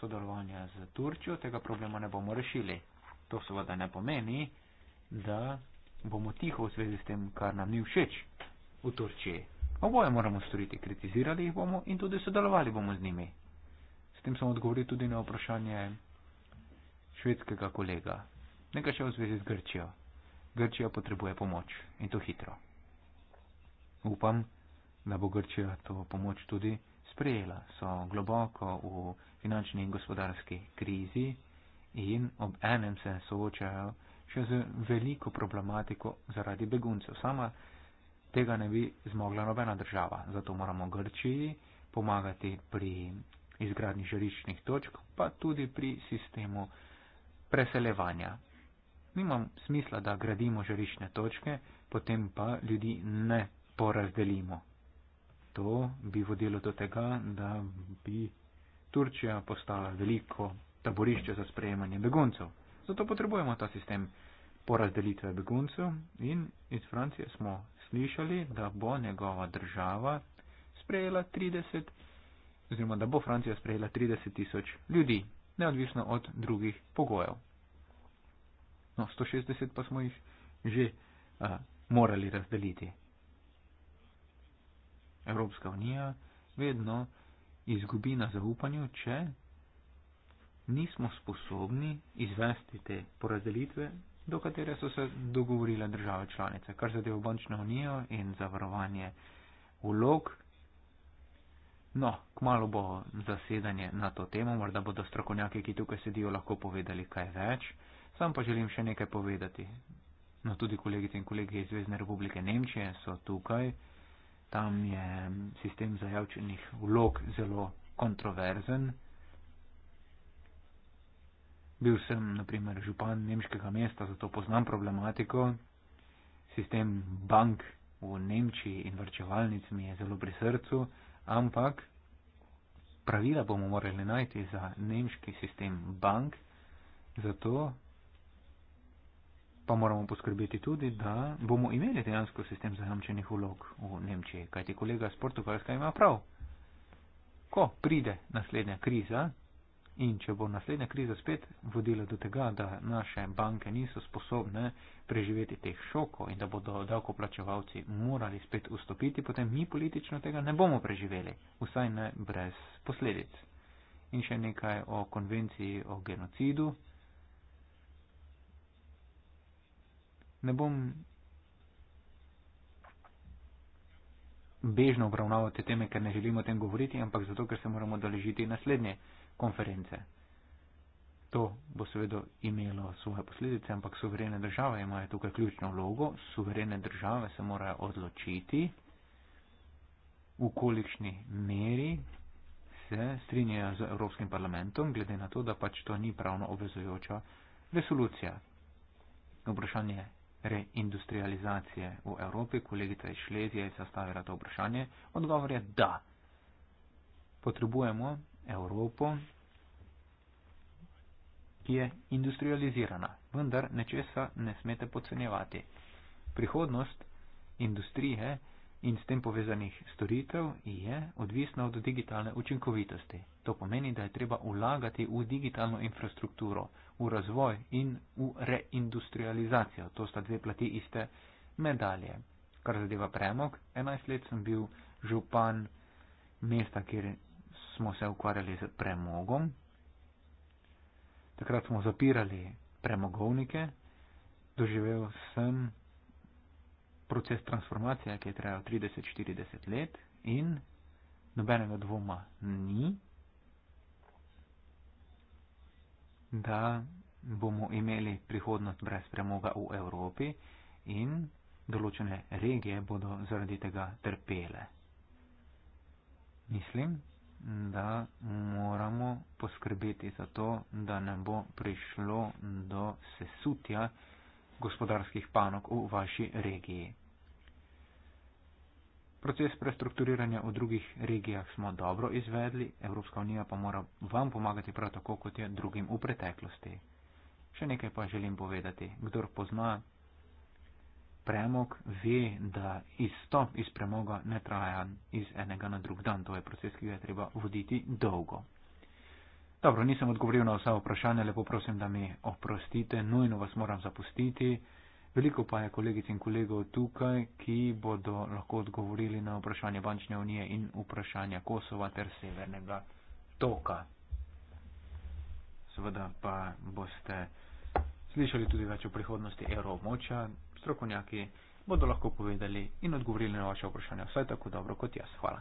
sodelovanja z Turčijo tega problema ne bomo rešili. To seveda ne pomeni, da bomo tiho v zvezi s tem, kar nam ni všeč v Turčiji. Oboje moramo storiti, kritizirali jih bomo in tudi sodelovali bomo z njimi. S tem sem odgovoril tudi na vprašanje švedskega kolega. Nekaj še v zvezi z Grčijo. Grčija potrebuje pomoč in to hitro. Upam, da bo Grčija to pomoč tudi sprejela. So globoko v finančni in gospodarski krizi in ob enem se soočajo še z veliko problematiko zaradi beguncev. Sama tega ne bi zmogla nobena država. Zato moramo Grčiji pomagati pri izgradnji žariščnih točk, pa tudi pri sistemu preseljevanja. Nima smisla, da gradimo žariščne točke, potem pa ljudi ne porazdelimo. To bi vodilo do tega, da bi Turčija postala veliko taborišče za sprejemanje beguncev. Zato potrebujemo ta sistem porazdelitve beguncev in iz Francije smo slišali, da bo njegova država sprejela 30, oziroma da bo Francija sprejela 30 tisoč ljudi, neodvisno od drugih pogojev. No, 160 pa smo jih že uh, morali razdeliti. Evropska unija vedno izgubi na zaupanju, če nismo sposobni izvesti te porazdelitve do katere so se dogovorile države članice, kar zadeva bančno unijo in zavarovanje vlog. No, kmalo bo zasedanje na to temo, morda bodo strokovnjaki, ki tukaj sedijo, lahko povedali kaj več. Sam pa želim še nekaj povedati. No, tudi kolegice in kolege iz Zvezdne republike Nemčije so tukaj. Tam je sistem zajavčenih vlog zelo kontroverzen. Bil sem, naprimer, župan nemškega mesta, zato poznam problematiko. Sistem bank v Nemčiji in vrčevalnic mi je zelo pri srcu, ampak pravila bomo morali najti za nemški sistem bank, zato pa moramo poskrbeti tudi, da bomo imeli dejansko sistem zajamčenih vlog v Nemčiji, kajti kolega iz Portugalska ima prav. Ko pride naslednja kriza, In če bo naslednja kriza spet vodila do tega, da naše banke niso sposobne preživeti teh šokov in da bodo davkoplačevalci morali spet vstopiti, potem mi politično tega ne bomo preživeli, vsaj ne brez posledic. In še nekaj o konvenciji o genocidu. Ne bom bežno obravnavati teme, ker ne želimo o tem govoriti, ampak zato, ker se moramo doležiti naslednje konference. To bo seveda imelo svoje posledice, ampak suverene države imajo tukaj ključno vlogo. Suverene države se morajo odločiti, v kolikšni meri se strinjajo z Evropskim parlamentom, glede na to, da pač to ni pravno obvezujoča resolucija. Vprašanje reindustrializacije v Evropi, kolegica iz Šlezije je zastavila to vprašanje, odgovor je da. Potrebujemo Evropo, ki je industrializirana, vendar nečesa ne smete podcenjevati. Prihodnost industrije in s tem povezanih storitev je odvisna od digitalne učinkovitosti. To pomeni, da je treba ulagati v digitalno infrastrukturo, v razvoj in v reindustrializacijo. To sta dve plati iste medalje. Kar zadeva premog, 11 let sem bil župan mesta, kjer smo se ukvarjali z premogom, takrat smo zapirali premogovnike, doživel sem proces transformacije, ki je trajal 30-40 let in nobenega dvoma ni, da bomo imeli prihodnost brez premoga v Evropi in določene regije bodo zaradi tega trpele. Mislim, da moramo poskrbeti za to, da ne bo prišlo do sesutja gospodarskih panok v vaši regiji. Proces prestrukturiranja v drugih regijah smo dobro izvedli, Evropska unija pa mora vam pomagati prav tako, kot je drugim v preteklosti. Še nekaj pa želim povedati. Kdor pozna premog ve, da izstop iz premoga ne traja iz enega na drug dan. To je proces, ki ga je treba voditi dolgo. Dobro, nisem odgovoril na vsa vprašanja, lepo prosim, da mi oprostite, nujno vas moram zapustiti. Veliko pa je kolegic in kolegov tukaj, ki bodo lahko odgovorili na vprašanje Bančne unije in vprašanje Kosova ter Severnega toka. Seveda pa boste slišali tudi več o prihodnosti evroobmoča, strokovnjaki bodo lahko povedali in odgovorili na vaše vprašanje. Vsaj tako dobro kot jaz. Hvala.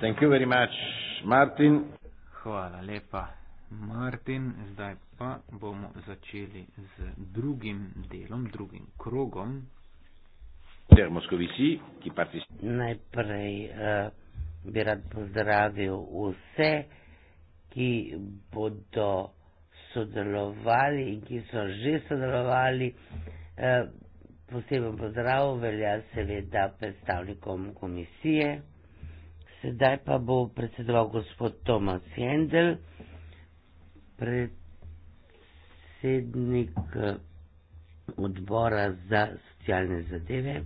Thank you very much, Martin. Hvala lepa, Martin. Zdaj pa bomo začeli z drugim delom, drugim krogom. Najprej uh, bi rad pozdravil vse, ki bodo sodelovali in ki so že sodelovali. Eh, Poseben pozdrav velja seveda predstavnikom komisije. Sedaj pa bo predsedoval gospod Tomas Hendel, predsednik eh, odbora za socialne zadeve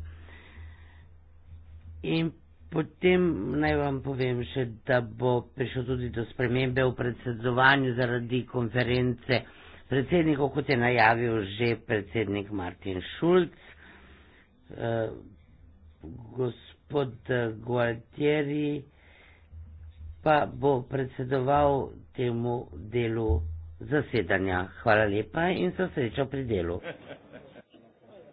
in Potem naj vam povem še, da bo prišlo tudi do spremembe v predsedovanju zaradi konference predsednikov, kot je najavil že predsednik Martin Šulc. Eh, gospod eh, Gualtieri pa bo predsedoval temu delu zasedanja. Hvala lepa in se srečo pri delu. *laughs*